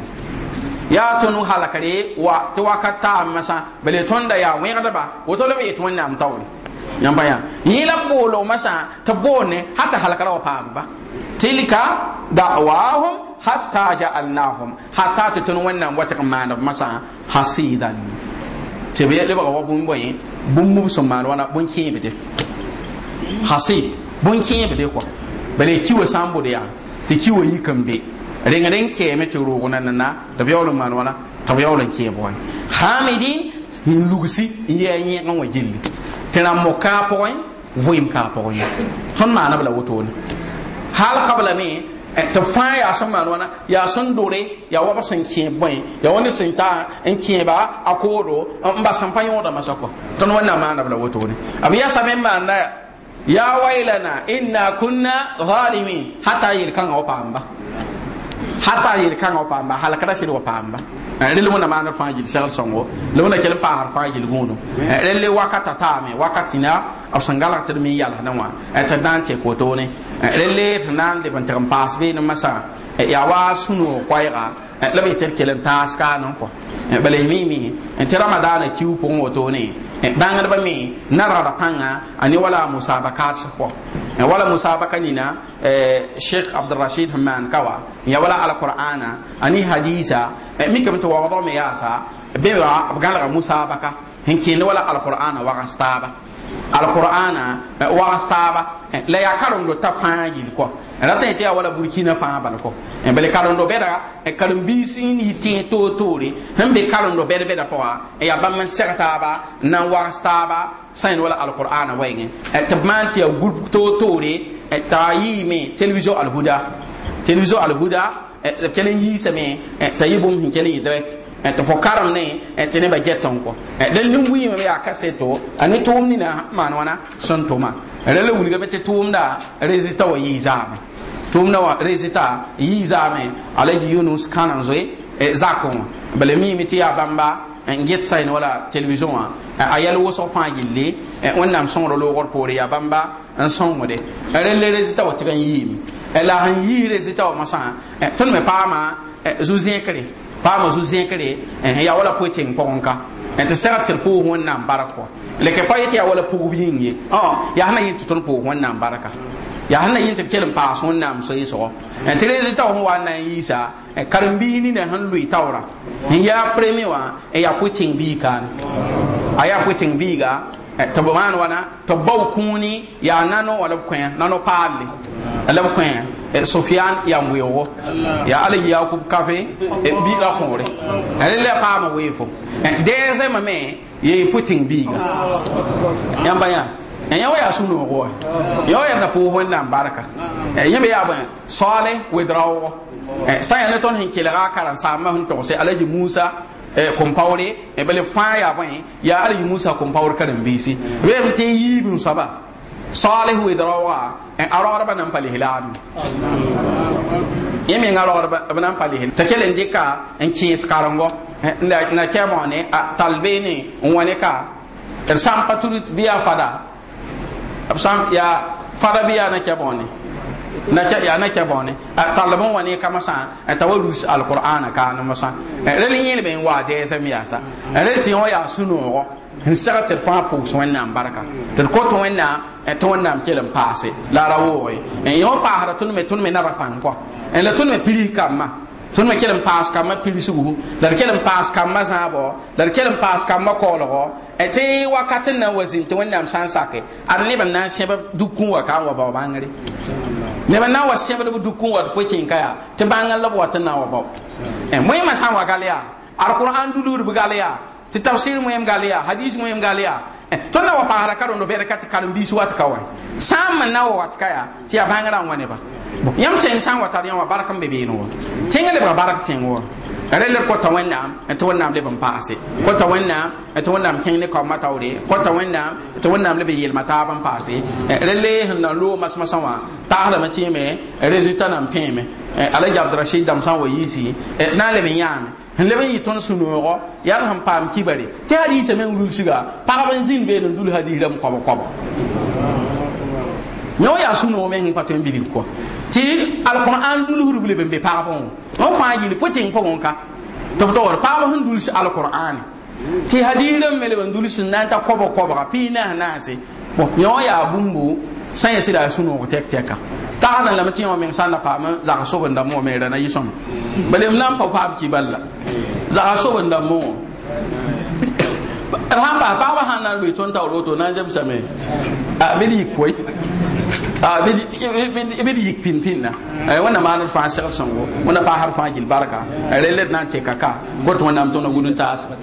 Ya tunu halakare wa te wakata masa. Ba le tun da ya wuyar da ba wa ta wule wani na amtawulik. Iyamba Yi la kbolu masa ta bone ha ta halakarar ba. Tili da wa hata ha ta ja alina ho ha ta tun wani wace ma na masa hasidan. Te fiyar da ka wara ko min bonyen. Bum musu mana wana bun bide. Hase bun cin bide kuwa. bale kiwa sambo da ya ti kiwa yi kan be renga den keme ti rugo nan na da yawlan man wana ta yawlan ke bon hamidin in lugusi ya yi kan wajilli tana mo ka poin voim ka poin son ma bala woto ne hal qabla me eh, ta fa ya san man wana ya san dore ya wa ba san ke bon ya wani san ta in ke ba akoro in ba san fanyo da masako ton wannan ma bala woto ne abiya saben ma na ya wailana inna kunna zalimin hata yirkan o pamba hata yirkan o pamba halakada sir o pamba eh, rel mona na fa jil sal songo le na kel pa har fa jil gondo eh, wakata tame wakatina aw sangala ter min yal hanwa eta eh, dante ko to ne le nan de ban tan pas be na masa ya wa sunu kwaira la be ter kelen tas kanon ko bale mimi en tera pon o to tone bãngdbã e, me na rara pãnga a ne wala musabakaat pɔ e, wala musabaka nina e, sheikh abdurashid sẽn maan ka wa n ya wala alqur'ana a ne hadiisa mikame tɩ waoodg me yaasa bẽ wa b gãlga musabaka sẽn kẽend wala alqur'ana wagas taaba alqur'ana eh, wagas taaba eh, la ya karondo ta fãa yil kɔ rata yẽ e tɩ yaa wala burkina fãa ko kɔ eh, bele karondo bɛdga karen-biis n yɩ tẽe to toore sẽn be karondo bɛd-bɛdã pʋga n yaa bãmb n sɛg taaba na n wags taaba sã wala alqur'ana wɛɛngẽ tɩ b maan tɩ yaa gurp toor-toore t'a yɩɩme television alhuda television alhuda b kell yi yiisame t'a yɩ bũmb sẽn kell n yɩ direct ta fo karam ne ta ne ba jeton ko me ya kaseto ani tum ni na man wana son tuma rele resita wa yi zama tum wa resita yi zama alaji zoe bale mi mi ti bamba e n get sayin wala television wã e a yɛl wʋsg fãa gilli e wẽnnaam sõgr loogr poore yaa bãmba n sõngde rẽle resita wa tɩg n yiime la sẽn yiis resita wã mosã tõnd me paama zu-zẽkre paama zu-zẽkre eh, yaa wala poe eh, wala pʋgẽ ka n tɩ segd tɩ d pʋʋs wẽnnaam bark wa pa yetɩ wala pugb yĩng ye yaa sẽn na yẽ tɩ tõnd pʋʋs wẽnnaam barka ya sẽn na yẽ tɩ d kell n paas wẽnnaam soɩɩsgɔ tɩ reez sẽn wa n na n yiisa karen-biis nina sẽn loe taoora n yaa preme eh, wã n yaa poe teng biig a yaa Eh, tɩ b maan wãna tɩ b bao kũuni yaa nano wã la kõ-a paalle la kõ-a eh, yaa weoogo yaa ala yakub kafe biigrã kõore rẽ la paama weefo eh, dɛɛsẽme me yee pʋ tɩng biiga yãmba yã yã wa yaa sũ-noogo wa yã wa yɛrna pʋʋs wẽnnaam barka yẽ me yaa bõe soale wedraoogo sã yã ne tõnd sẽn kelga a karen-saamã sẽn togse alaji musa Eh, kompaure e eh, bele faya ya bai ya ali musa kompaure kan bisi wem te yibun saba salihu idrawa e eh, arara nan pali hilami yemi ngararaba nan pali hilami takelen dika en ki karango na kemo ne talbini woni ka er turut biya fada sam ya fada biya na kemo ne na kya ya na kya bone a talabon wani kama sa a tawarus alqur'ana ka na masa relin yin ben wa de sam miya sa relin wa ya suno n sɛg tɩ d fãa pʋʋs wẽnnaam barka tɩ d kõt wẽnnaam tɩ wẽnnaam kell n paase la ra wooye yẽ wa paasra tun me tʋnd me naba pãng kɔ la tʋnd me piris kambã tun me kelen paas kamma pilisugu la kelen paas kamma zabo la kelen paas kamma kologo ete wakatin na wazin to wannan san sake ar ne ban nan shebe dukun wa kan wa ba bangare neba na wa sẽbd b dukun wat pʋ kẽnka yaa tɩ na wa bao moẽmã sã n wa gal yaa alkʋrãan dulgd b gal yaa tɩ tabsɩr wẽm gal yaa hadis na wa paasda ka rõndo bɛdka tɩ karen-biis wat ka wa sã n na wa wat wa neba wa rel kota wẽnnaam n tɩ wẽnnaam leb n paase kota wẽnnaam n tɩ wẽnnaam kẽng ne kaoma taoore kota wẽnnaam tɩ wẽnnaam leb n yeelma taab n paase rel sẽn na loog masmasã wã tagsdame tẽeme résultat nam pẽeme alaji abdrasid dãmb sã n wa yiisi e, na n leb n yãame n leb n yɩ tõnd sũ-noogo yaa sẽn paam kibare tɩ hadiisã meng rulsga pagb n zĩnd been n dul hadiis rãmb kob-kob yã wa yaa sũ-noog me sẽn pa tõe n bilg kɔ ti Alkur'an dul hur bule be paabo on fa yili potin ko gonka to to war paabo hun dul si alquran ti hadiran mele ban dul sin nan ta kobo kobo pi na na se bo yo ya bumbu san yasi da sunu ko tek teka ta hanan lam ti yo min sanna pa ma za ka soban da mo me rana yison bale nan pa pa ki balla za ka soban da mo ran pa pa ba hanan be ton ta roto nan jam a a bili koi a ah, bid yik pin pin na eh, wẽnna maan d fãa segd sõngo wẽnna paa har fãa gil barka rel eh, d na n tɩ kaka got wẽnnaam tõnd a wudun taasba